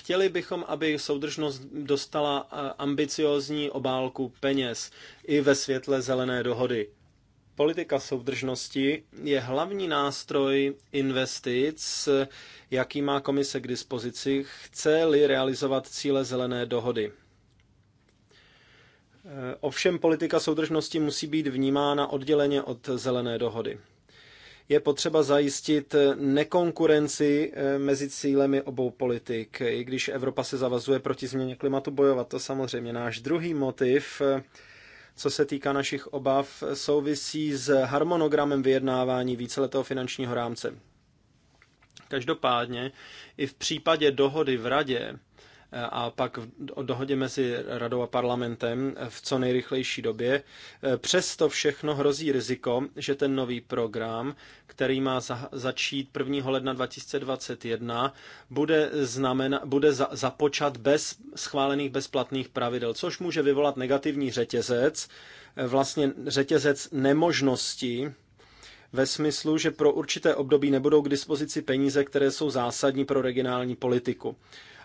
Chtěli bychom, aby soudržnost dostala eh, ambiciózní obálku peněz i ve světle zelené dohody. Politika soudržnosti je hlavní nástroj investic, jaký má komise k dispozici, chce-li realizovat cíle zelené dohody. Eh, ovšem politika soudržnosti musí být vnímána odděleně od zelené dohody je potřeba zajistit nekonkurenci eh, mezi cílemi obou politik, i když Evropa se zavazuje proti změně klimatu bojovat. To samozřejmě náš druhý motiv, eh, co se týká našich obav, souvisí s harmonogramem vyjednávání víceletého finančního rámce. Každopádně i v případě dohody v Radě Eh, a pak o dohodě mezi radou a parlamentem v co nejrychlejší době. Eh, přesto všechno hrozí riziko, že ten nový program, který má začít 1. ledna 2021, bude, znamena, bude za, započat bez schválených bezplatných pravidel, což může vyvolat negativní řetězec, eh, vlastně řetězec nemožnosti ve smyslu, že pro určité období nebudou k dispozici peníze, které jsou zásadní pro regionální politiku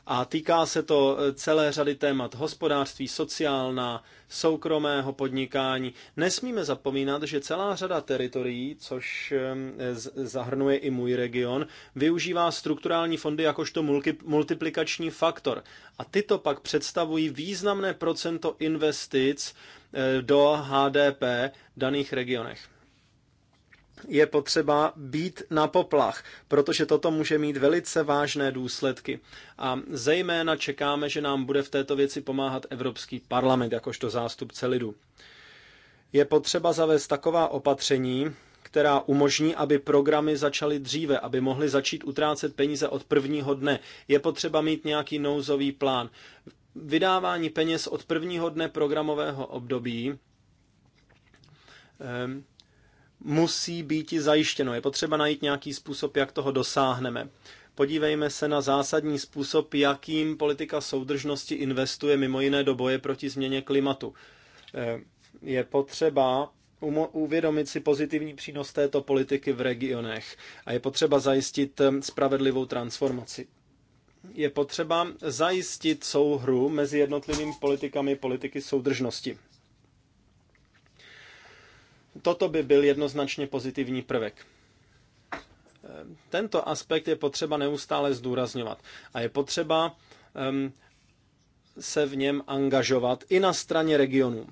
a týká se to eh, celé řady témat hospodářství, sociálna, soukromého podnikání. Nesmíme zapomínat, že celá řada teritorií, což zahrnuje i můj region, využívá strukturální fondy jakožto multiplikační faktor. A tyto pak představují významné procento investic eh, do HDP v daných regionech je potřeba být na poplach, protože toto může mít velice vážné důsledky. A zejména čekáme, že nám bude v této věci pomáhat Evropský parlament jakožto zástupce lidu. Je potřeba zavést taková opatření, která umožní, aby programy začaly dříve, aby mohly začít utrácet peníze od prvního dne. Je potřeba mít nějaký nouzový plán. Vydávání peněz od prvního dne programového období ehm, musí být zajištěno. Je potřeba najít nějaký způsob, jak toho dosáhneme. Podívejme se na zásadní způsob, jakým politika soudržnosti investuje mimo jiné do boje proti změně klimatu. Eh, je potřeba uvědomit si pozitivní přínos této politiky v regionech a je potřeba zajistit eh, spravedlivou transformaci. Je potřeba zajistit souhru mezi jednotlivými politikami politiky soudržnosti. Toto by byl jednoznačně pozitivní prvek. Ehm, tento aspekt je potřeba neustále zdůrazňovat a je potřeba ehm, se v něm angažovat i na straně regionů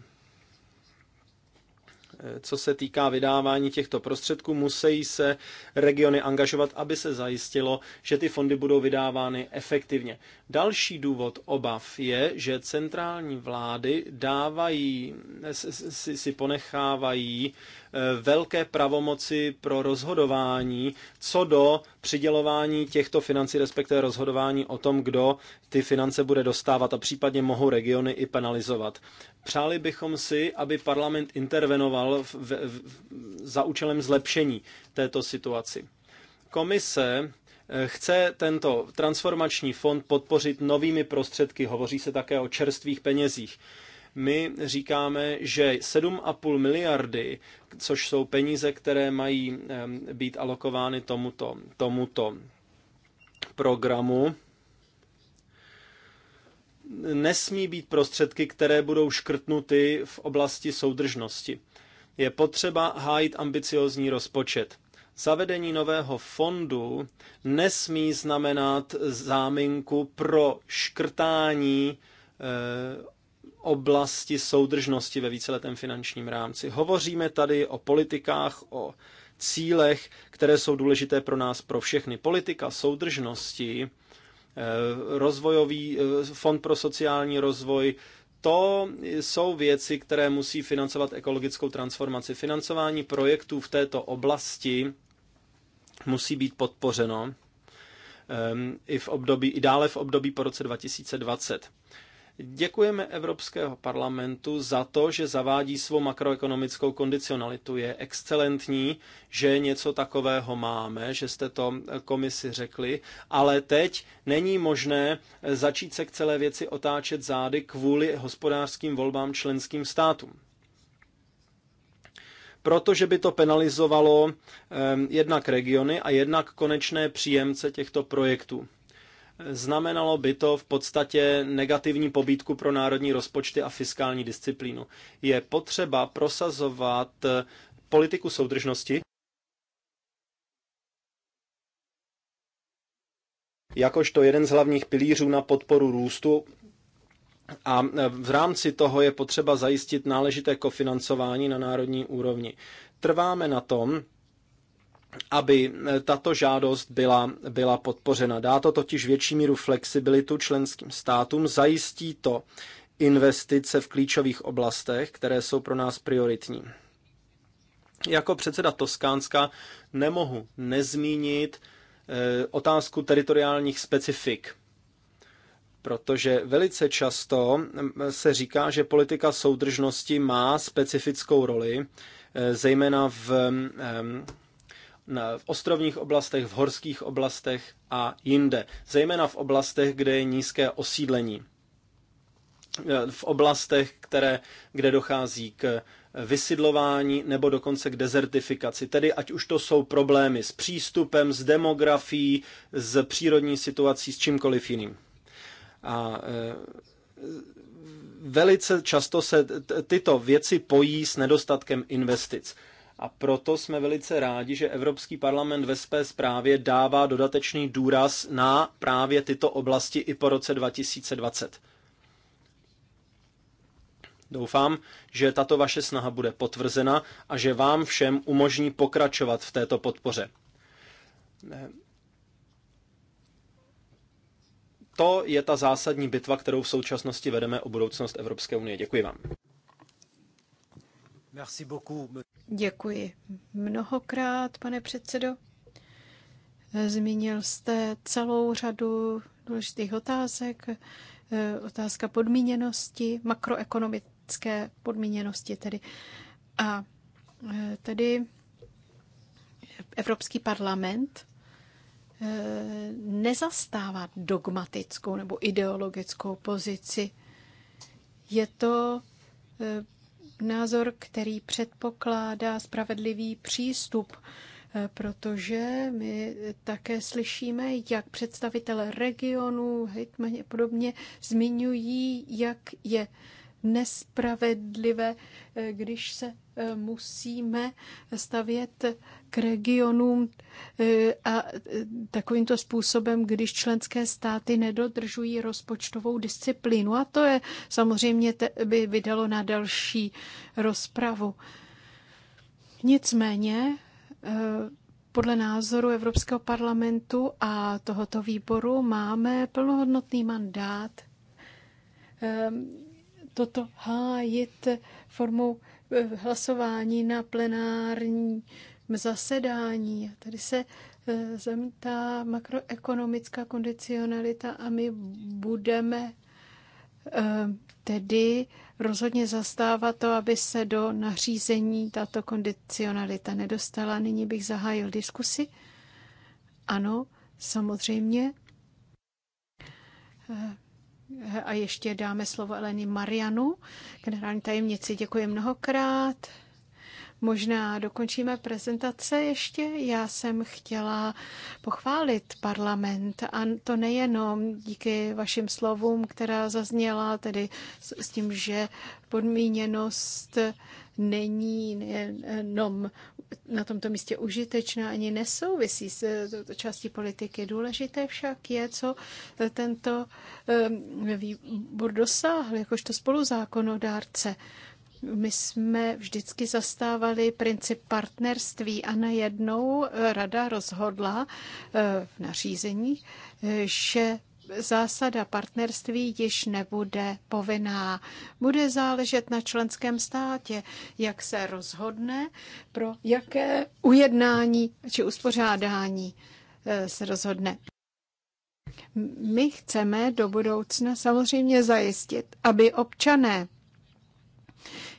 co se týká vydávání těchto prostředků, musí se regiony angažovat, aby se zajistilo, že ty fondy budou vydávány efektivně. Další důvod obav je, že centrální vlády dávají, si, si ponechávají eh, velké pravomoci pro rozhodování co do přidělování těchto financí, respektive rozhodování o tom, kdo ty finance bude dostávat a případně mohou regiony i penalizovat. Přáli bychom si, aby parlament intervenoval v, v, v, za účelem zlepšení této situaci. Komise eh, chce tento transformační fond podpořit novými prostředky, hovoří se také o čerstvých penězích. My říkáme, že 7,5 miliardy, což jsou peníze, které mají být alokovány tomuto, tomuto programu, nesmí být prostředky, které budou škrtnuty v oblasti soudržnosti. Je potřeba hájit ambiciozní rozpočet. Zavedení nového fondu nesmí znamenat záminku pro škrtání eh, oblasti soudržnosti ve víceletém finančním rámci. Hovoříme tady o politikách, o cílech, které jsou důležité pro nás, pro všechny. Politika soudržnosti, eh, rozvojový eh, fond pro sociální rozvoj, to jsou věci, které musí financovat ekologickou transformaci. Financování projektů v této oblasti musí být podpořeno ehm, i, v období, i dále v období po roce 2020. Děkujeme Evropského parlamentu za to, že zavádí svou makroekonomickou kondicionalitu. Je excelentní, že něco takového máme, že jste to komisi řekli, ale teď není možné začít se k celé věci otáčet zády kvůli hospodářským volbám členským státům protože by to penalizovalo eh, jednak regiony a jednak konečné příjemce těchto projektů. Znamenalo by to v podstatě negativní pobídku pro národní rozpočty a fiskální disciplínu. Je potřeba prosazovat eh, politiku soudržnosti, jakožto jeden z hlavních pilířů na podporu růstu. A eh, v rámci toho je potřeba zajistit náležité kofinancování na národní úrovni. Trváme na tom, aby eh, tato žádost byla, byla podpořena. Dá to totiž větší míru flexibilitu členským státům, zajistí to investice v klíčových oblastech, které jsou pro nás prioritní. Jako předseda Toskánska nemohu nezmínit eh, otázku teritoriálních specifik, protože velice často mm, se říká, že politika soudržnosti má specifickou roli, eh, zejména v mm, v ostrovních oblastech, v horských oblastech a jinde, zejména v oblastech, kde je nízké osídlení. E, v oblastech, které, kde dochází k e, vysidlování nebo dokonce k dezertifikaci. Tedy ať už to jsou problémy s přístupem, s demografií, s přírodní situací, s čímkoliv jiným. A e, velice často se tyto věci pojí s nedostatkem investic. A proto jsme velice rádi, že Evropský parlament ve své zprávě dává dodatečný důraz na právě tyto oblasti i po roce 2020. Doufám, že tato vaše snaha bude potvrzena a že vám všem umožní pokračovat v této podpoře. To je ta zásadní bitva, kterou v současnosti vedeme o budoucnost Evropské unie. Děkuji vám. Děkuji mnohokrát, pane předsedo. Zmínil jste celou řadu důležitých otázek. Otázka podmíněnosti, makroekonomické podmíněnosti tedy. A tedy Evropský parlament eh, nezastává dogmatickou nebo ideologickou pozici. Je to eh, názor, který předpokládá spravedlivý přístup, eh, protože my také slyšíme, jak představitelé regionu, hejtmani a podobně zmiňují, jak je nespravedlivé, eh, když se eh, musíme stavět k regionům eh, a takovýmto způsobem, když členské státy nedodržují rozpočtovou disciplínu. A to je samozřejmě by vydalo na další rozpravu. Nicméně podle názoru Evropského parlamentu a tohoto výboru máme plnohodnotný mandát toto hájit formou eh, hlasování na plenární zasedání. Tady se eh, zamítá makroekonomická kondicionalita a my budeme eh, tedy rozhodně zastává to, aby se do nařízení tato kondicionalita nedostala. Nyní bych zahájil diskusi. Ano, samozřejmě. A ještě dáme slovo Eleni Marianu, generální tajemnici. Děkuji mnohokrát. Možná dokončíme prezentace ještě. Já jsem chtěla pochválit parlament a to nejenom díky vašim slovům, která zazněla, tedy s tím, že podmíněnost není jenom na tomto místě užitečná ani nesouvisí s eh, částí politiky. Důležité však je, co eh, tento eh, výbor dosáhl, jakožto spoluzákonodárce. My jsme vždycky zastávali princip partnerství a najednou rada rozhodla v nařízení, že zásada partnerství již nebude povinná. Bude záležet na členském státě, jak se rozhodne, pro jaké ujednání či uspořádání eh, se rozhodne. My chceme do budoucna samozřejmě zajistit, aby občané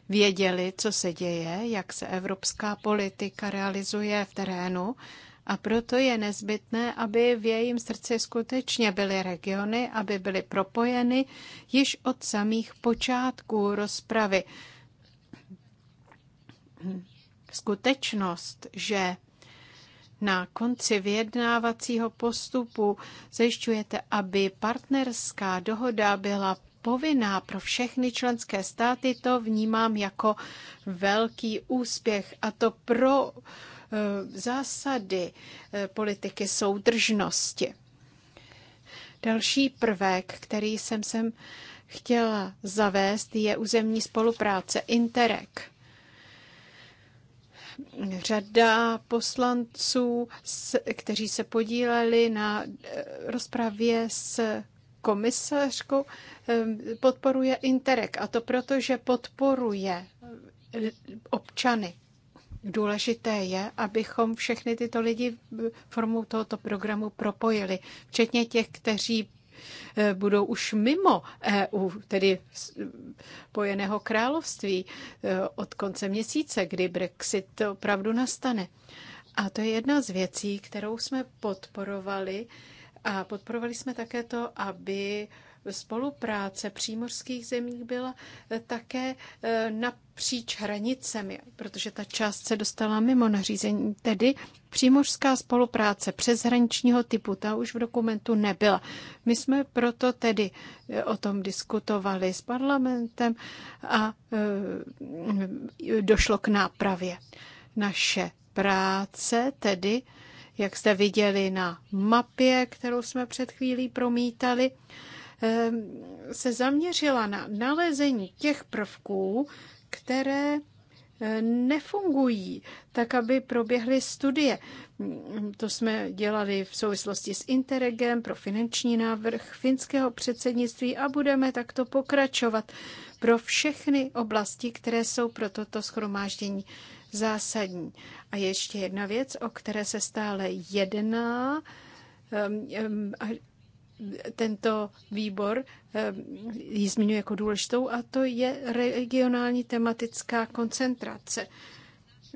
věděli, co se děje, jak se evropská politika realizuje v terénu a proto je nezbytné, aby v jejím srdci skutečně byly regiony, aby byly propojeny již od samých počátků rozpravy. Skutečnost, že na konci vyjednávacího postupu zajišťujete, aby partnerská dohoda byla povinná pro všechny členské státy, to vnímám jako velký úspěch. A to pro Eh, zásady eh, politiky soudržnosti. Další prvek, který jsem sem chtěla zavést, je územní spolupráce Interreg řada poslanců, kteří se podíleli na eh, rozpravě s komisařkou, podporuje Interreg. A to proto, že podporuje občany Důležité je, abychom všechny tyto lidi formou tohoto programu propojili, včetně těch, kteří eh, budou už mimo EU, tedy Spojeného království eh, od konce měsíce, kdy Brexit opravdu nastane. A to je jedna z věcí, kterou jsme podporovali. A podporovali jsme také to, aby spolupráce přímořských zemí byla eh, také eh, napříč hranicemi, protože ta část se dostala mimo nařízení. Tedy přímořská spolupráce přeshraničního typu, ta už v dokumentu nebyla. My jsme proto tedy eh, o tom diskutovali s parlamentem a došlo k nápravě. Naše práce tedy jak jste viděli na mapě, kterou jsme před chvílí promítali, Ehm, se zaměřila na nalezení těch prvků, které eh, nefungují, tak aby proběhly studie. Mm, to jsme dělali v souvislosti s Interregem pro finanční návrh finského předsednictví a budeme takto pokračovat pro všechny oblasti, které jsou pro toto schromáždění zásadní. A ještě jedna věc, o které se stále jedná, ehm, ehm, tento výbor eh, ji zmiňuje jako důležitou a to je regionální tematická koncentrace.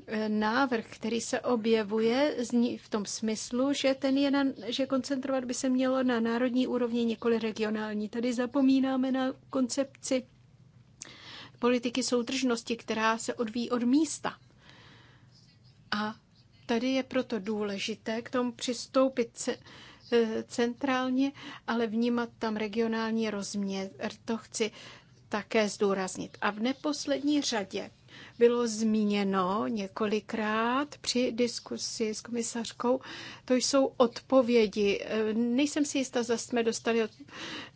Eh, návrh, který se objevuje, zní v tom smyslu, že, ten je na, že koncentrovat by se mělo na národní úrovni, nikoli regionální. Tady zapomínáme na koncepci politiky soudržnosti, která se odvíjí od místa. A tady je proto důležité k tomu přistoupit se, E, centrálně, ale vnímat tam regionální rozměr. To chci také zdůraznit. A v neposlední řadě bylo zmíněno několikrát při diskusi s komisařkou. To jsou odpovědi. Eh, nejsem si jistá, zda jsme dostali od,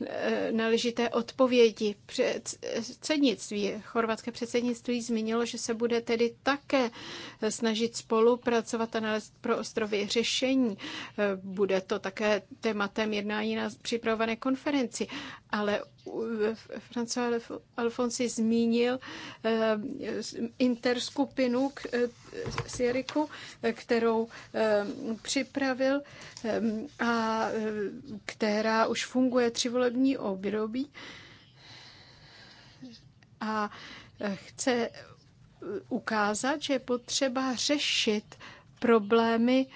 eh, náležité odpovědi. Předsednictví, chorvatské předsednictví zmínilo, že se bude tedy také snažit spolupracovat a nalézt pro ostrovy řešení. Eh, bude to také tématem jednání na připravované konferenci, ale François Alfonsi zmínil eh, interskupinu k eh, Siriku, eh, kterou připravil a která už funguje tři volební období a chce ukázat, že je potřeba řešit problémy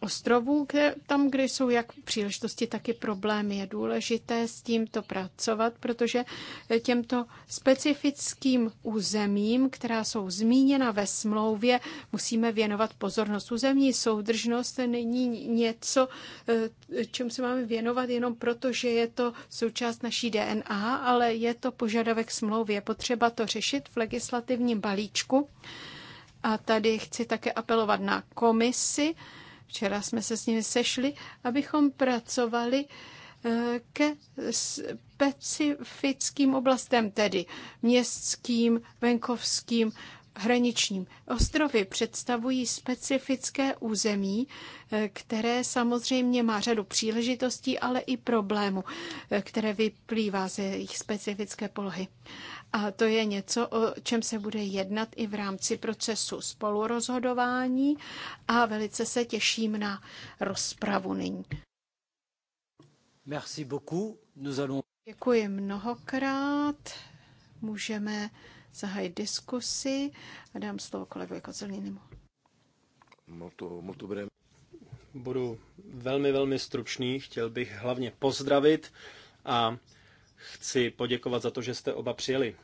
ostrovů, kde, tam, kde jsou jak příležitosti, tak i problémy. Je důležité s tímto pracovat, protože těmto specifickým územím, která jsou zmíněna ve smlouvě, musíme věnovat pozornost. Územní soudržnost není něco, eh, čemu se máme věnovat jenom proto, že je to součást naší DNA, ale je to požadavek smlouvy. Je potřeba to řešit v legislativním balíčku. A tady chci také apelovat na komisi, Včera jsme se s nimi sešli, abychom pracovali eh, ke specifickým oblastem, tedy městským, venkovským, hraničním. Ostrovy představují specifické území, eh, které samozřejmě má řadu příležitostí, ale i problémů, eh, které vyplývá ze jejich specifické polohy. A to je něco, o čem se bude jednat i v rámci procesu spolurozhodování a velice se těším na rozpravu nyní. Merci beaucoup. Nous allons... Děkuji mnohokrát. Můžeme zahájit diskusi a dám slovo kolegovi Kozelinimu. Budu velmi, velmi stručný. Chtěl bych hlavně pozdravit a chci poděkovat za to, že jste oba přijeli.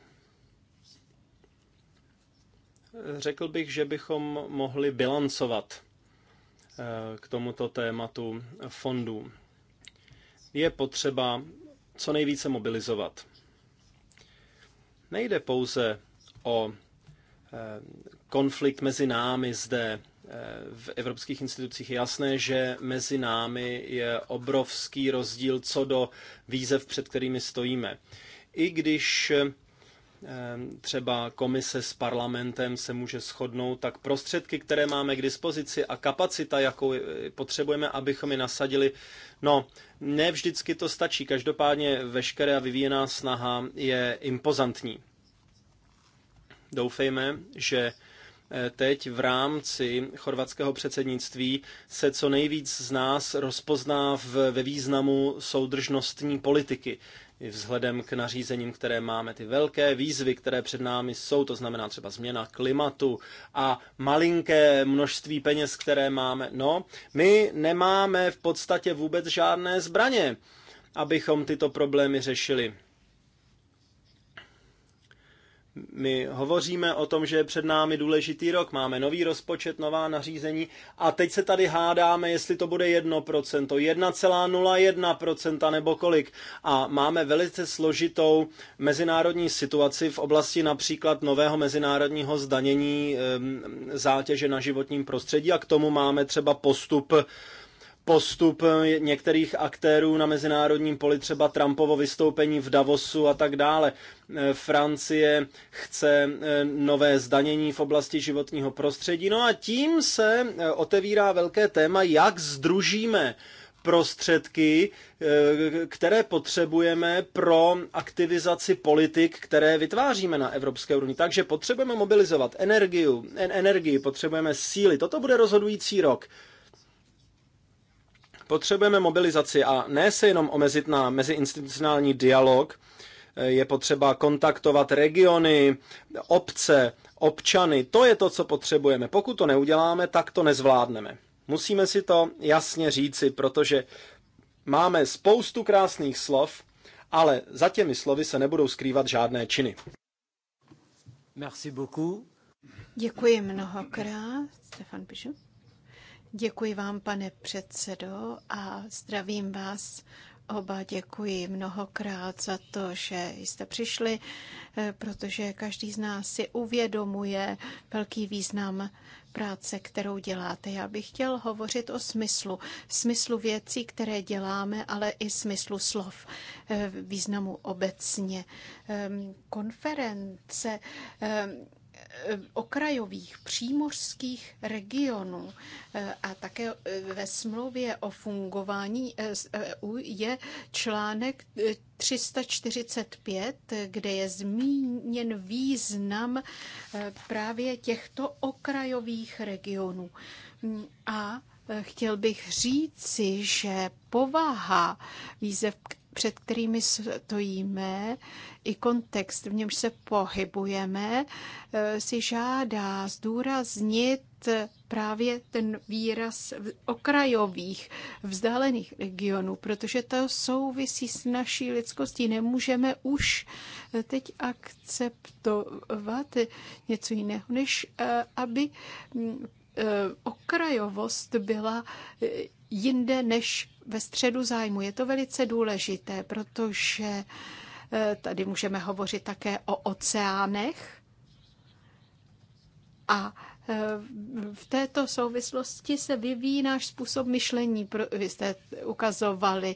Řekl bych, že bychom mohli bilancovat eh, k tomuto tématu fondů. Je potřeba co nejvíce mobilizovat. Nejde pouze o eh, konflikt mezi námi zde v evropských institucích. Je jasné, že mezi námi je obrovský rozdíl co do výzev, před kterými stojíme. I když eh, třeba komise s parlamentem se může shodnout, tak prostředky, které máme k dispozici a kapacita, jakou potřebujeme, abychom je nasadili, no, ne vždycky to stačí. Každopádně veškerá vyvíjená snaha je impozantní. Doufejme, že Eh, teď v rámci chorvatského předsednictví se co nejvíc z nás rozpozná ve významu soudržnostní politiky. Vzhledem k nařízením, které máme, ty velké výzvy, které před námi jsou, to znamená třeba změna klimatu a malinké množství peněz, které máme. No, my nemáme v podstatě vůbec žádné zbraně, abychom tyto problémy řešili. My hovoříme o tom, že je před námi důležitý rok, máme nový rozpočet, nová nařízení a teď se tady hádáme, jestli to bude 1%, 1,01% nebo kolik. A máme velice složitou mezinárodní situaci v oblasti například nového mezinárodního zdanění zátěže na životním prostředí a k tomu máme třeba postup postup eh, některých aktérů na mezinárodním poli, třeba Trumpovo vystoupení v Davosu a tak dále. Eh, Francie chce eh, nové zdanění v oblasti životního prostředí. No a tím se otevírá velké téma, jak združíme prostředky, které potřebujeme pro aktivizaci politik, které vytváříme na Evropské úrovni. Takže potřebujeme mobilizovat energii, energii potřebujeme síly. Toto bude rozhodující rok. Potřebujeme mobilizaci a ne se jenom omezit na meziinstitucionální dialog, eh, je potřeba kontaktovat regiony, obce, občany. To je to, co potřebujeme. Pokud to neuděláme, tak to nezvládneme. Musíme si to jasně říci, protože máme spoustu krásných slov, ale za těmi slovy se nebudou skrývat žádné činy. Merci beaucoup. Děkuji mnohokrát, Stefan Pišu. Děkuji vám, pane předsedo, a zdravím vás oba. Děkuji mnohokrát za to, že jste přišli, eh, protože každý z nás si uvědomuje velký význam práce, kterou děláte. Já bych chtěl hovořit o smyslu. Smyslu věcí, které děláme, ale i smyslu slov. Eh, významu obecně. Ehm, konference ehm, Eh, okrajových přímořských regionů eh, a také eh, ve smlouvě o fungování EU je článek 345, kde je zmíněn význam právě těchto okrajových regionů. A chtěl bych říci, že povaha výzev, před kterými stojíme, i kontext, v němž se pohybujeme, eh, si žádá zdůraznit právě ten výraz okrajových, vzdálených regionů, protože to souvisí s naší lidskostí. Nemůžeme už eh, teď akceptovat něco jiného, než eh, aby mm, okrajovost byla jinde než ve středu zájmu. Je to velice důležité, protože eh, tady můžeme hovořit také o oceánech a v této souvislosti se vyvíjí náš způsob myšlení. Vy jste ukazovali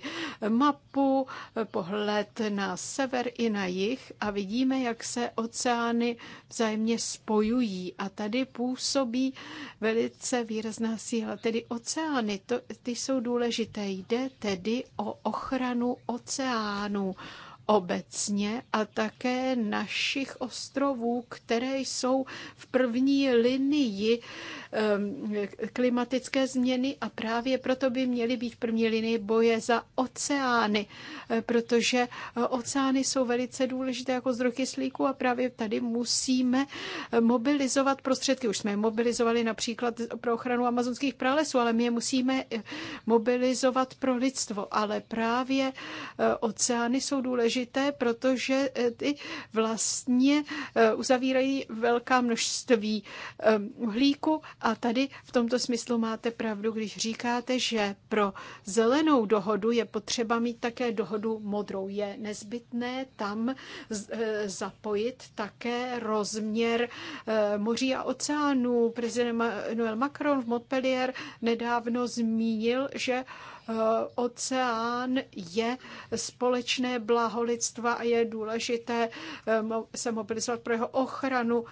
mapu, pohled na sever i na jih a vidíme, jak se oceány vzájemně spojují. A tady působí velice výrazná síla. Tedy oceány, to, ty jsou důležité. Jde tedy o ochranu oceánů obecně a také našich ostrovů, které jsou v první linii Um, klimatické změny a právě proto by měly být v první linii boje za oceány, eh, protože eh, oceány jsou velice důležité jako zdroj kyslíku a právě tady musíme eh, mobilizovat prostředky. Už jsme je mobilizovali například pro ochranu amazonských pralesů, ale my je musíme mobilizovat pro lidstvo. Ale právě oceány jsou důležité, protože ty vlastně uzavírají velká množství uhlíku a tady v tomto smyslu máte pravdu, když říkáte, že pro zelenou dohodu je potřeba mít také dohodu modrou. Je nezbytné tam e, zapojit také rozměr e, moří a oceánů. Prezident Emmanuel Macron v Montpellier nedávno zmínil, že e, oceán je společné blaho lidstva a je důležité se mobilizovat pro jeho ochranu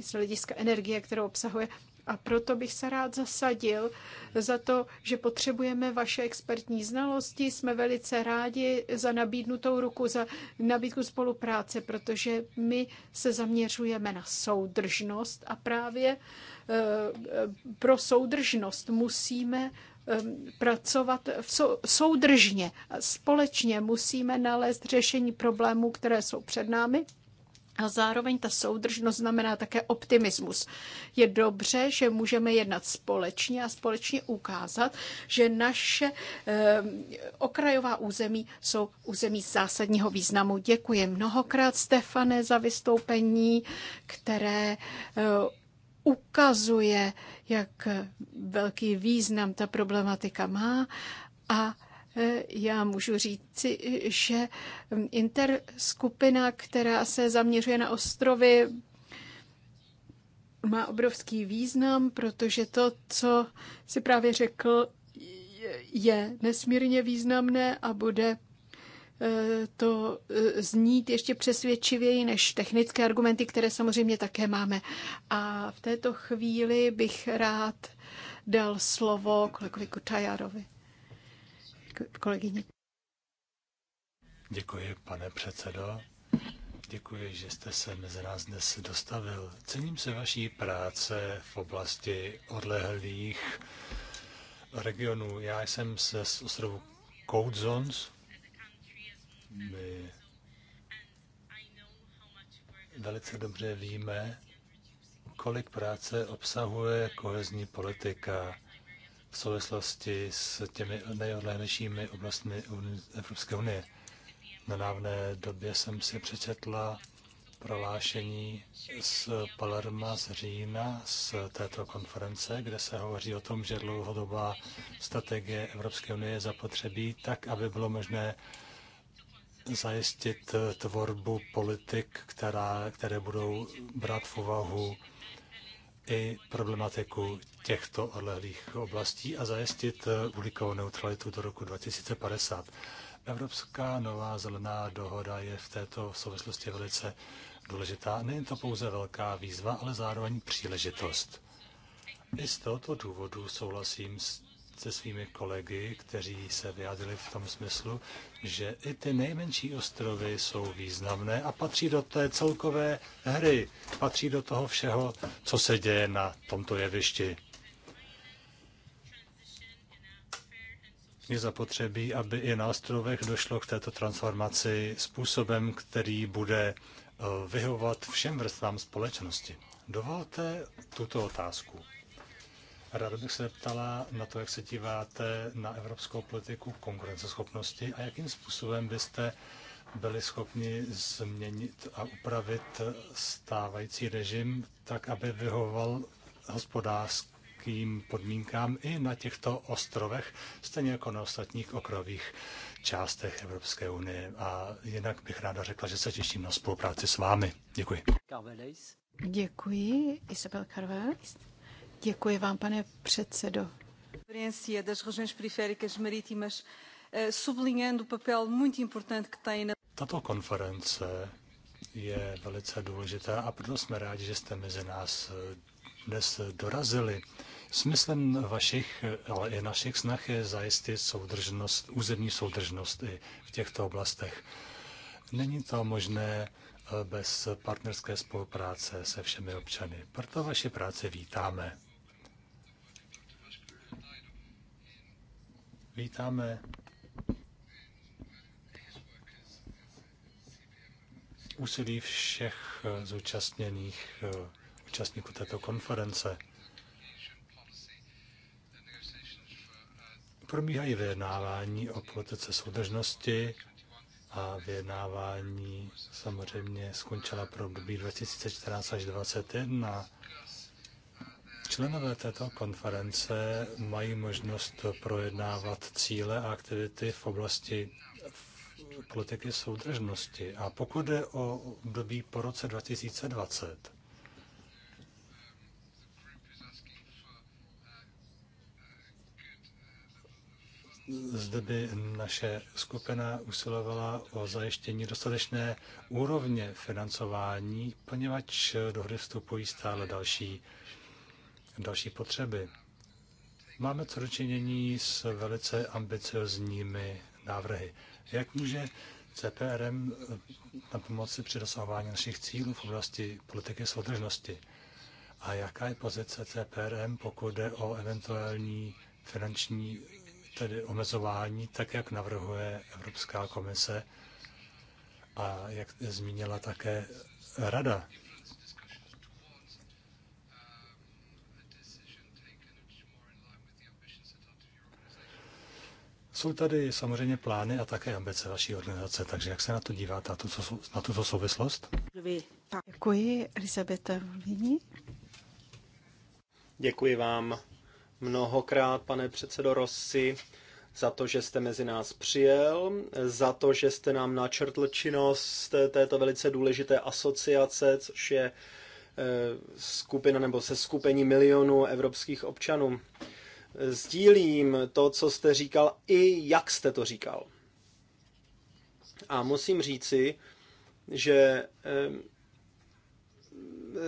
z hlediska energie, kterou obsahuje. A proto bych se rád zasadil za to, že potřebujeme vaše expertní znalosti. Jsme velice rádi za nabídnutou ruku, za nabídku spolupráce, protože my se zaměřujeme na soudržnost a právě eh, pro soudržnost musíme eh, pracovat v soudržně. Společně musíme nalézt řešení problémů, které jsou před námi a zároveň ta soudržnost znamená také optimismus. Je dobře, že můžeme jednat společně a společně ukázat, že naše eh, okrajová území jsou území zásadního významu. Děkuji mnohokrát, Stefane, za vystoupení, které eh, ukazuje, jak velký význam ta problematika má a já můžu říci, že interskupina, která se zaměřuje na ostrovy, má obrovský význam, protože to, co si právě řekl, je nesmírně významné a bude eh, to eh, znít ještě přesvědčivěji než technické argumenty, které samozřejmě také máme. A v této chvíli bych rád dal slovo kolegovi Kutajarovi kolegyně. Děkuji, pane předsedo. Děkuji, že jste se mezi nás dnes dostavil. Cením se vaší práce v oblasti odlehlých regionů. Já jsem se z ostrovu Code Zones. My velice dobře víme, kolik práce obsahuje kohezní politika v souvislosti s těmi nejodlehlejšími oblastmi Evropské unie. Na návné době jsem si přečetla prohlášení z Palerma z října z této konference, kde se hovoří o tom, že dlouhodobá strategie Evropské unie je zapotřebí tak, aby bylo možné zajistit tvorbu politik, která, které budou brát v úvahu i problematiku těchto odlehlých oblastí a zajistit eh, uhlíkovou neutralitu do roku 2050. Evropská nová zelená dohoda je v této souvislosti velice důležitá. Není to pouze velká výzva, ale zároveň příležitost. I z tohoto důvodu souhlasím s se svými kolegy, kteří se vyjádřili v tom smyslu, že i ty nejmenší ostrovy jsou významné a patří do té celkové hry, patří do toho všeho, co se děje na tomto jevišti. Je zapotřebí, aby i na ostrovech došlo k této transformaci způsobem, který bude eh, vyhovovat všem vrstvám společnosti. Dovolte tuto otázku. Ráda bych se zeptala na to, jak se díváte na evropskou politiku konkurenceschopnosti a jakým způsobem byste byli schopni změnit a upravit stávající režim tak, aby vyhovoval hospodářským podmínkám i na těchto ostrovech, stejně jako na ostatních okrových částech Evropské unie. A jinak bych ráda řekla, že se těším na spolupráci s vámi. Děkuji. Děkuji, Isabel Carvalho. Děkuji vám, pane předsedo. Eh, Tato konference je velice důležitá a proto jsme rádi, že jste mezi nás eh, dnes dorazili. Smyslem vašich, ale i našich snah je zajistit soudržnost, územní soudržnost i v těchto oblastech. Není to možné eh, bez partnerské spolupráce se všemi občany. Proto vaši práci vítáme. Vítáme úsilí všech eh, zúčastněných eh, účastníků této konference. Probíhají vyjednávání o politice soudržnosti a vyjednávání samozřejmě skončila pro období 2014 až 2021. Členové této konference mají možnost projednávat cíle a aktivity v oblasti politiky soudržnosti. A pokud je o období po roce 2020, zde by naše skupina usilovala o zajištění dostatečné úrovně financování, poněvadž do hry vstupují stále další další potřeby. Máme co dočinění s velice ambiciozními návrhy. Jak může CPRM eh, na pomoci při dosahování našich cílů v oblasti politiky soudržnosti? A jaká je pozice CPRM, pokud jde o eventuální finanční tedy omezování, tak jak navrhuje Evropská komise a jak zmínila také Rada? Jsou tady samozřejmě plány a také ambice vaší organizace, takže jak se na to díváte, na, to, tuto souvislost? Děkuji, Elisabeta Rovini. Děkuji vám mnohokrát, pane předsedo Rossi, za to, že jste mezi nás přijel, za to, že jste nám načrtl činnost této velice důležité asociace, což je eh, skupina nebo se skupení milionů evropských občanů sdílím to, co jste říkal i jak jste to říkal. A musím říci, že eh,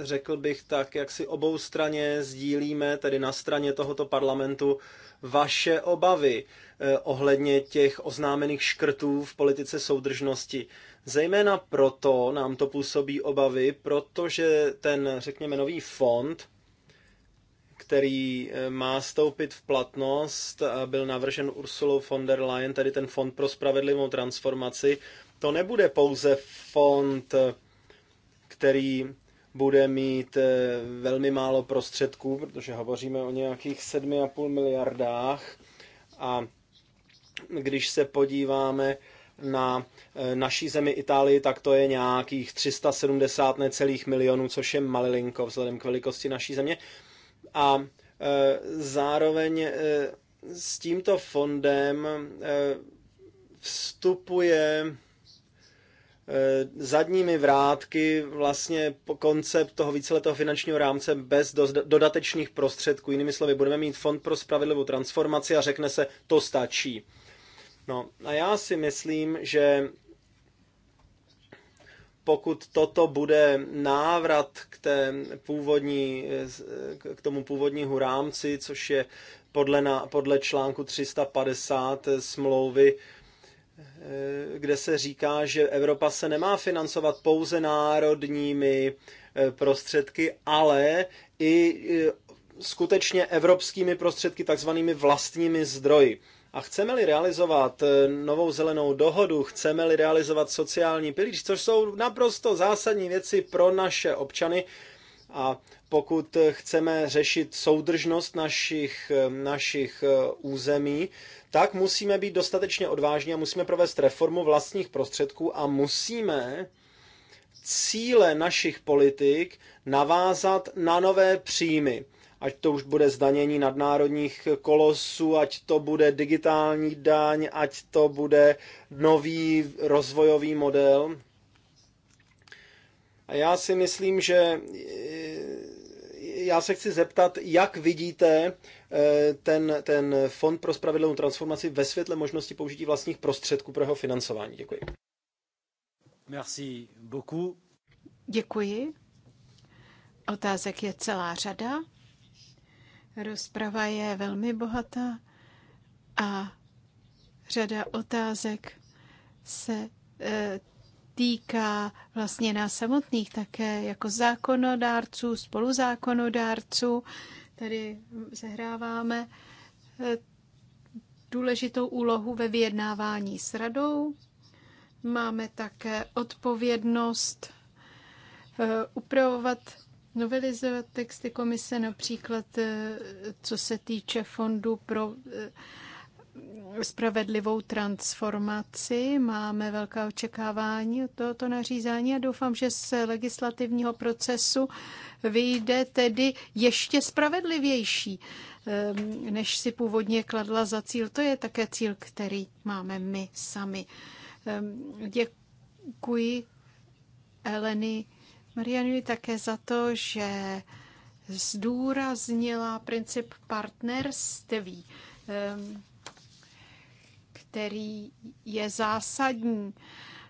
řekl bych tak, jak si obou straně sdílíme, tedy na straně tohoto parlamentu, vaše obavy eh, ohledně těch oznámených škrtů v politice soudržnosti. Zejména proto nám to působí obavy, protože ten, řekněme, nový fond který eh, má stoupit v platnost a byl navržen Ursulou von der Leyen, tedy ten Fond pro spravedlivou transformaci, to nebude pouze fond, který bude mít eh, velmi málo prostředků, protože hovoříme o nějakých 7,5 miliardách a když se podíváme na eh, naší zemi Itálii, tak to je nějakých 370 necelých milionů, což je malilinko vzhledem k velikosti naší země. A e, zároveň e, s tímto fondem e, vstupuje zadními vrátky vlastně koncept toho víceletého finančního rámce bez dodatečných prostředků. Jinými slovy, budeme mít fond pro spravedlivou transformaci a řekne se, to stačí. No a já si myslím, že pokud toto bude návrat k, té původní, k tomu původnímu rámci, což je podle, na, podle článku 350 smlouvy, kde se říká, že Evropa se nemá financovat pouze národními eh, prostředky, ale i eh, skutečně evropskými prostředky, takzvanými vlastními zdroji. A chceme-li realizovat eh, novou zelenou dohodu, chceme-li realizovat sociální pilíř, což jsou naprosto zásadní věci pro naše občany, a pokud eh, chceme řešit soudržnost našich, eh, našich území, tak musíme být dostatečně odvážní a musíme provést reformu vlastních prostředků a musíme cíle našich politik navázat na nové příjmy ať to už bude zdanění nadnárodních kolosů, ať to bude digitální daň, ať to bude nový rozvojový model. A já si myslím, že e, já se chci zeptat, jak vidíte e, ten, ten Fond pro spravedlnou transformaci ve světle možnosti použití vlastních prostředků pro jeho financování. Děkuji. Merci beaucoup. Děkuji. Otázek je celá řada. Rozprava je velmi bohatá a řada otázek se e, týká vlastně nás samotných také jako zákonodárců, spoluzákonodárců. Tady zahráváme e, důležitou úlohu ve vyjednávání s radou. Máme také odpovědnost e, upravovat novelizovat texty komise, například eh, co se týče fondu pro eh, spravedlivou transformaci. Máme velká očekávání od tohoto nařízení a doufám, že z legislativního procesu vyjde tedy ještě spravedlivější, eh, než si původně kladla za cíl. To je také cíl, který máme my sami. Děkuji Eleny Marianuji také za to, že zdůraznila princip partnerství, který je zásadní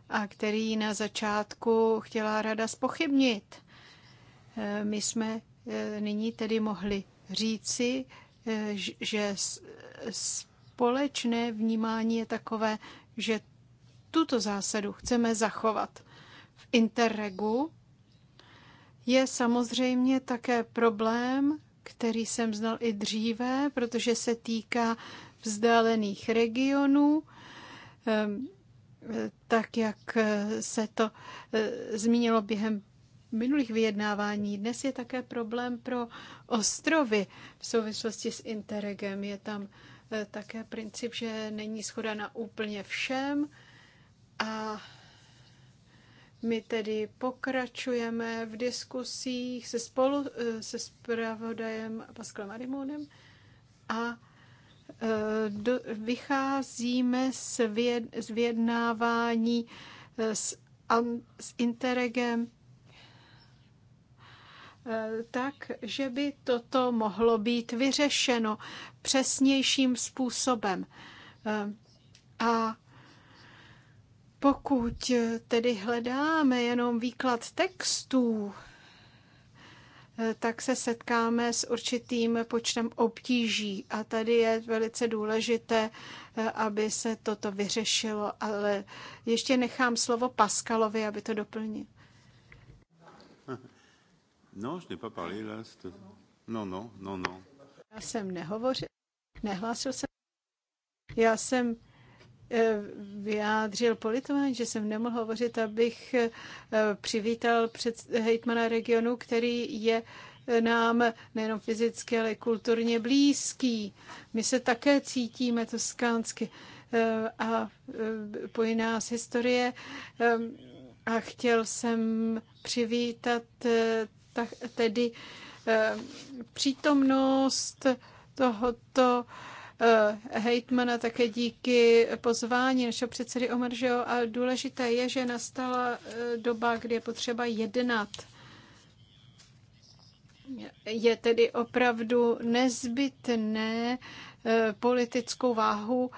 a který na začátku chtěla rada spochybnit. My jsme e, nyní tedy mohli říci, e, že společné vnímání je takové, že tuto zásadu chceme zachovat. V Interregu je samozřejmě také problém, který jsem znal i dříve, protože se týká vzdálených regionů, ehm, tak jak eh, se to eh, zmínilo během minulých vyjednávání. Dnes je také problém pro ostrovy v souvislosti s Interregem. Je tam eh, také princip, že není schoda na úplně všem a my tedy pokračujeme v diskusích se spolu eh, se zpravodajem Pascalem Arimonem a eh, do, vycházíme z, věd, z vyjednávání eh, s, an, s Interregem tak, že by toto mohlo být vyřešeno přesnějším způsobem. A pokud tedy hledáme jenom výklad textů, tak se setkáme s určitým počtem obtíží. A tady je velice důležité, aby se toto vyřešilo. Ale ještě nechám slovo Paskalovi, aby to doplnil. No, je pas parlé là. No, no, no, no. Já jsem nehovořil, nehlásil jsem. Já jsem Eh, vyjádřil politování, že jsem nemohl hovořit, abych eh, přivítal před hejtmana regionu, který je eh, nám nejenom fyzicky, ale i kulturně blízký. My se také cítíme toskánsky a pojí nás historie a chtěl jsem přivítat tedy přítomnost tohoto Eh, hejtmana, také díky pozvání našeho předsedy Omeržeho. A důležité je, že nastala eh, doba, kdy je potřeba jednat. Je tedy opravdu nezbytné eh, politickou váhu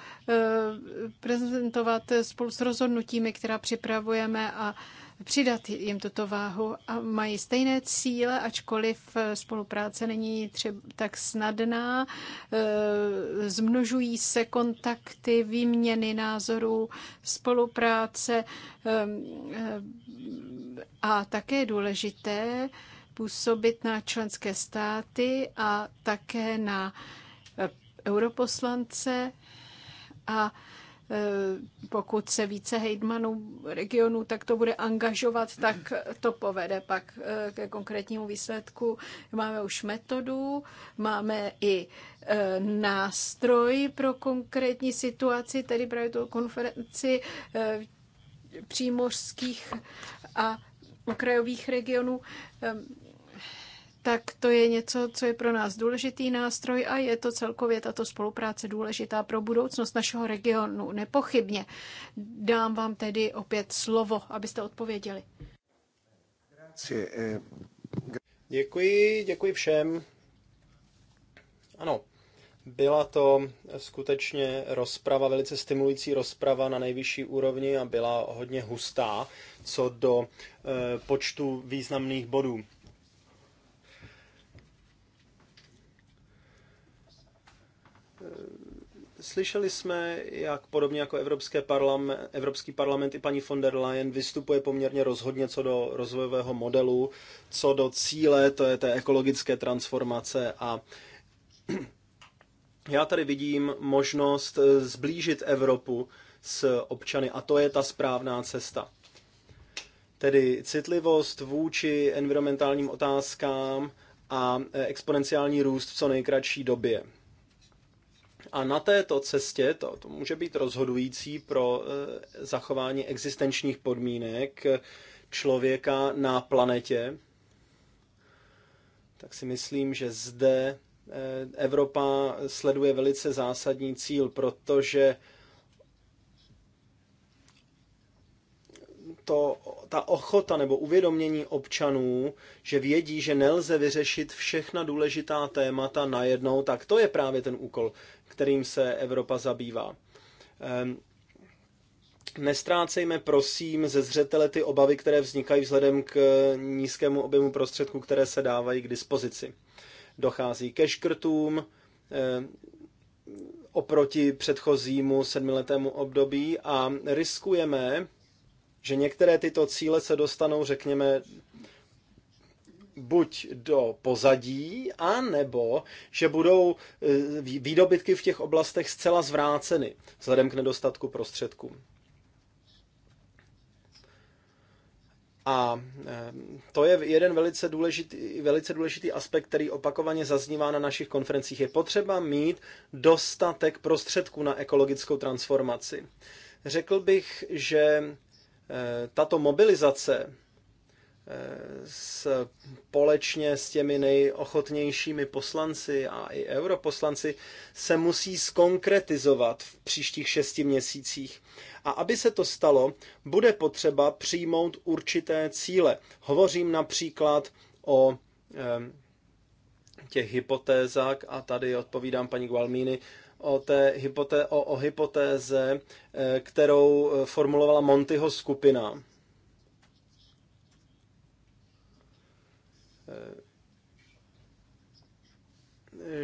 prezentovat spolu s rozhodnutími, která připravujeme a přidat jim tuto váhu a mají stejné cíle, ačkoliv eh, spolupráce není třeba tak snadná. Eh, zmnožují se kontakty, výměny názorů, spolupráce ehm, ehm, a také je důležité působit na členské státy a také na eh, europoslance a Eh, pokud se více hejtmanů regionů to bude angažovat, tak to povede pak eh, ke konkrétnímu výsledku. Máme už metodu, máme i eh, nástroj pro konkrétní situaci, tedy právě tu konferenci přímořských a okrajových regionů tak to je něco, co je pro nás důležitý nástroj a je to celkově tato spolupráce důležitá pro budoucnost našeho regionu, nepochybně. Dám vám tedy opět slovo, abyste odpověděli. Eh, děkuji, děkuji všem. Ano, byla to skutečně rozprava, velice stimulující rozprava na nejvyšší úrovni a byla hodně hustá co do eh, počtu významných bodů. Slyšeli jsme, jak podobně jako Evropské parlament, Evropský parlament i paní von der Leyen vystupuje poměrně rozhodně co do rozvojového modelu, co do cíle, to je té ekologické transformace a já tady vidím možnost zblížit Evropu s občany a to je ta správná cesta. Tedy citlivost vůči environmentálním otázkám a exponenciální růst v co nejkratší době. A na této cestě to, to může být rozhodující pro eh, zachování existenčních podmínek eh, člověka na planetě. Tak si myslím, že zde eh, Evropa sleduje velice zásadní cíl, protože to, ta ochota nebo uvědomění občanů, že vědí, že nelze vyřešit všechna důležitá témata najednou, tak to je právě ten úkol kterým se Evropa zabývá. Ehm, nestrácejme prosím ze zřetele ty obavy, které vznikají vzhledem k eh, nízkému objemu prostředků, které se dávají k dispozici. Dochází ke škrtům ehm, oproti předchozímu sedmiletému období a riskujeme, že některé tyto cíle se dostanou, řekněme, buď do pozadí, a nebo že budou eh, výdobytky v těch oblastech zcela zvráceny vzhledem k nedostatku prostředků. A eh, to je jeden velice důležitý, velice důležitý aspekt, který opakovaně zaznívá na našich konferencích. Je potřeba mít dostatek prostředků na ekologickou transformaci. Řekl bych, že eh, tato mobilizace společně s těmi nejochotnějšími poslanci a i europoslanci se musí skonkretizovat v příštích šesti měsících. A aby se to stalo, bude potřeba přijmout určité cíle. Hovořím například o těch hypotézách a tady odpovídám paní Gualmíny, o té hypoté, o, o hypotéze, eh, kterou eh, formulovala Montyho skupina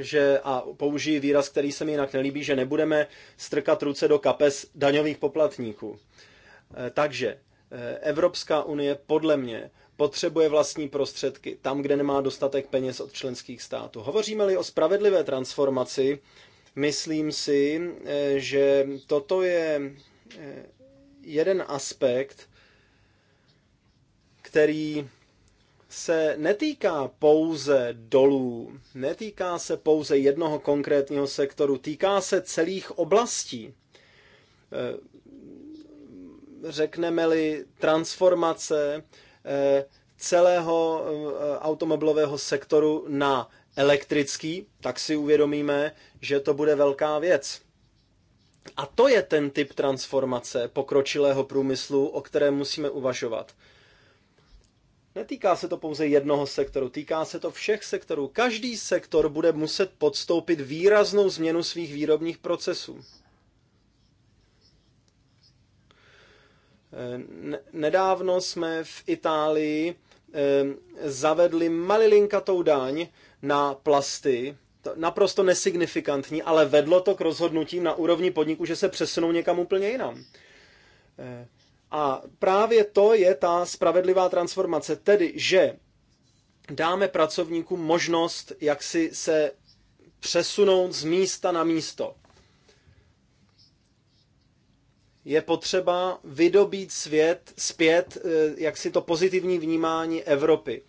že, a použijí výraz, který se mi jinak nelíbí, že nebudeme strkat ruce do kapes daňových poplatníků. Eh, takže eh, Evropská unie podle mě potřebuje vlastní prostředky tam, kde nemá dostatek peněz od členských států. Hovoříme-li o spravedlivé transformaci, myslím si, eh, že toto je jeden aspekt, který se netýká pouze dolů, netýká se pouze jednoho konkrétního sektoru, týká se celých oblastí. Eh, řekneme-li transformace eh, celého eh, automobilového sektoru na elektrický, tak si uvědomíme, že to bude velká věc. A to je ten typ transformace pokročilého průmyslu, o kterém musíme uvažovat. Netýká se to pouze jednoho sektoru, týká se to všech sektorů. Každý sektor bude muset podstoupit výraznou změnu svých výrobních procesů. Eh, nedávno jsme v Itálii eh, zavedli malilinkatou daň na plasty, naprosto nesignifikantní, ale vedlo to k rozhodnutím na úrovni podniku, že se přesunou někam úplně jinam. Eh, a právě to je ta spravedlivá transformace, tedy že dáme pracovníkům možnost, jak si se přesunout z místa na místo. Je potřeba vydobít svět zpět, eh, jak si to pozitivní vnímání Evropy.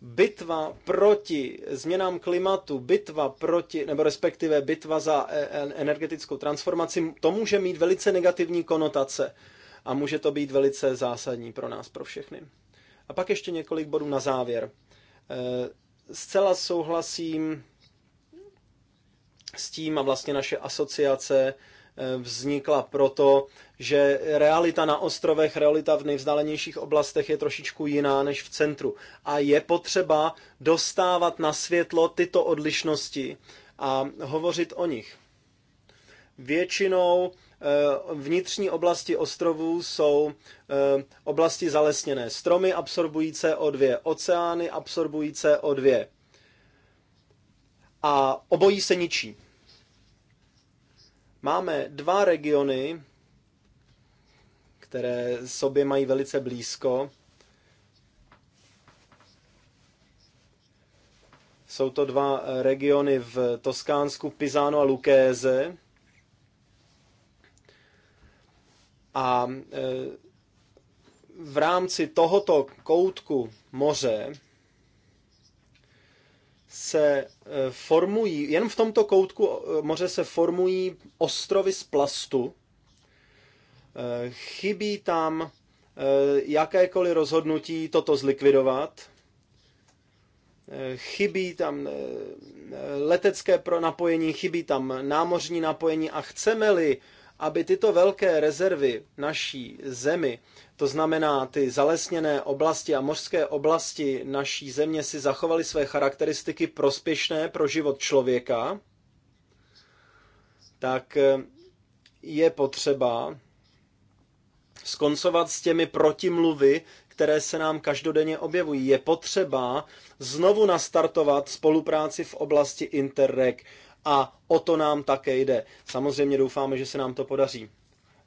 Bitva proti změnám klimatu, bitva proti, nebo respektive bitva za e-, e-, energetickou transformaci, to může mít velice negativní konotace a může to být velice zásadní pro nás, pro všechny. A pak ještě několik bodů na závěr. Eh, zcela souhlasím s tím a vlastně naše asociace eh, vznikla proto, že realita na ostrovech, realita v nejvzdálenějších oblastech je trošičku jiná než v centru. A je potřeba dostávat na světlo tyto odlišnosti a hovořit o nich. Většinou Eh, vnitřní oblasti ostrovů jsou eh, oblasti zalesněné. Stromy absorbují CO2, oceány absorbují CO2. A obojí se ničí. Máme dva regiony, které sobě mají velice blízko. Jsou to dva eh, regiony v Toskánsku, Pizano a Lukéze A e, v rámci tohoto koutku moře se e, formují, jen v tomto koutku e, moře se formují ostrovy z plastu. Chybí tam jakékoliv rozhodnutí toto zlikvidovat. Chybí tam letecké napojení, chybí tam námořní napojení a chceme-li aby tyto velké rezervy naší zemi, to znamená ty zalesněné oblasti a mořské oblasti naší země, si zachovaly své charakteristiky prospěšné pro život člověka, tak eh, je potřeba skoncovat s těmi protimluvy, které se nám každodenně objevují. Je potřeba znovu nastartovat spolupráci v oblasti Interreg a o to nám také jde. Samozřejmě doufáme, že se nám to podaří.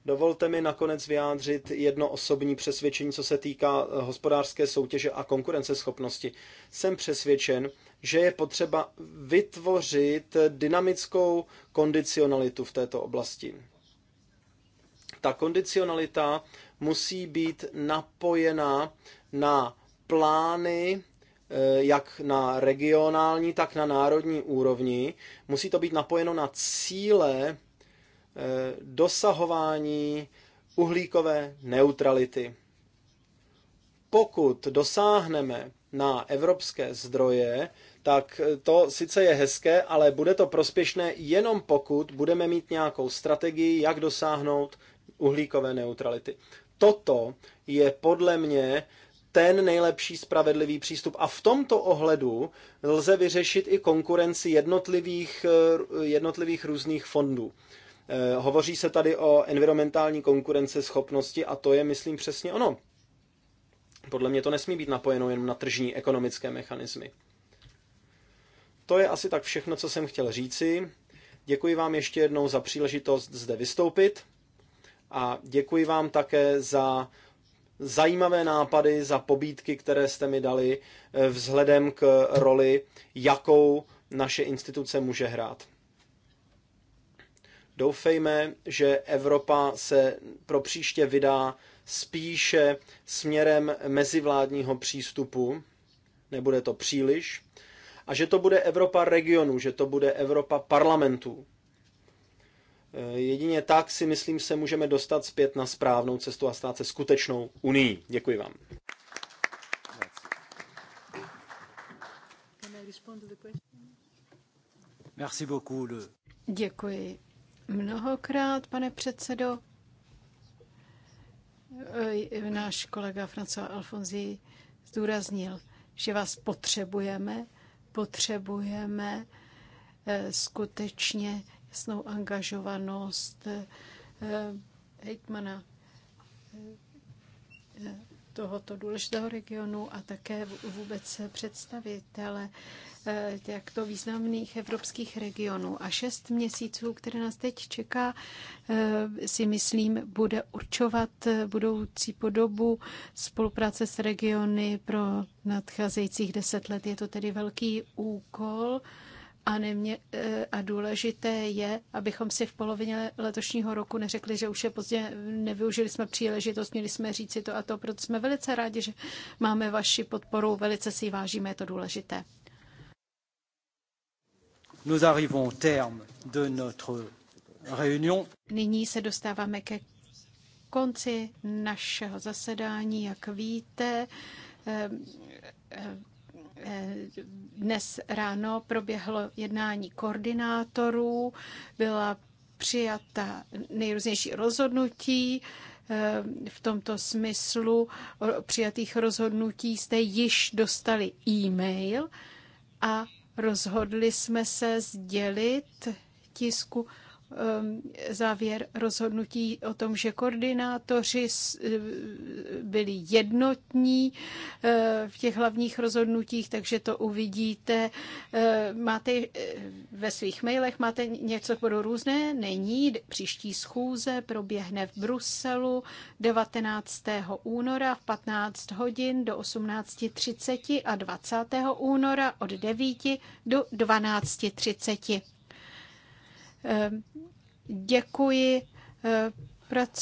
Dovolte mi nakonec vyjádřit jedno osobní přesvědčení, co se týká eh, hospodářské soutěže a konkurenceschopnosti. Jsem přesvědčen, že je potřeba vytvořit eh, dynamickou kondicionalitu v této oblasti. Ta kondicionalita musí být napojena na plány Eh, jak na regionální, tak na národní úrovni. Musí to být napojeno na cíle eh, dosahování uhlíkové neutrality. Pokud dosáhneme na evropské zdroje, tak to sice je hezké, ale bude to prospěšné jenom pokud budeme mít nějakou strategii, jak dosáhnout uhlíkové neutrality. Toto je podle mě ten nejlepší spravedlivý přístup. A v tomto ohledu lze vyřešit i konkurenci jednotlivých, eh, jednotlivých různých fondů. Eh, hovoří se tady o environmentální konkurence schopnosti a to je, myslím, přesně ono. Podle mě to nesmí být napojeno jen na tržní ekonomické mechanismy. To je asi tak všechno, co jsem chtěl říci. Děkuji vám ještě jednou za příležitost zde vystoupit a děkuji vám také za zajímavé nápady, za pobídky, které jste mi dali, eh, vzhledem k roli, jakou naše instituce může hrát. Doufejme, že Evropa se pro příště vydá spíše směrem mezivládního přístupu, nebude to příliš, a že to bude Evropa regionu, že to bude Evropa parlamentů. Jedině tak si myslím, se můžeme dostat zpět na správnou cestu a stát se skutečnou unii. Děkuji vám. Merci beaucoup. Děkuji mnohokrát, pane předsedo. E, náš kolega François Alfonzi zdůraznil, že vás potřebujeme, potřebujeme e, skutečně jasnou angažovanost eh, eh, hejtmana eh, tohoto důležitého regionu a také vůbec představitele těchto významných evropských regionů. A šest měsíců, které nás teď čeká, si myslím, bude určovat budoucí podobu spolupráce s regiony pro nadcházejících deset let. Je to tedy velký úkol a, nemě, e, a důležité je, abychom si v polovině letošního roku neřekli, že už je pozdě, nevyužili jsme příležitost, měli jsme říci to a to, proto jsme velice rádi, že máme vaši podporu, velice si ji vážíme, je to důležité. Nous arrivons au terme de notre réunion. Nyní se dostáváme ke konci našeho zasedání, jak víte. Eh, eh, dnes ráno proběhlo jednání koordinátorů, byla přijata nejrůznější rozhodnutí, eh, v tomto smyslu o přijatých rozhodnutí jste již dostali e-mail a rozhodli jsme se sdělit tisku Um, závěr rozhodnutí o tom, že koordinátoři uh, byli jednotní uh, v těch hlavních rozhodnutích, takže to uvidíte. Uh, máte ve svých mailech máte něco, budou různé? Není. Příští schůze proběhne v Bruselu 19. února v 15 hodin do 18.30 a 20. února od 9 do 12.30. Ehm, děkuji eh, pracovníkům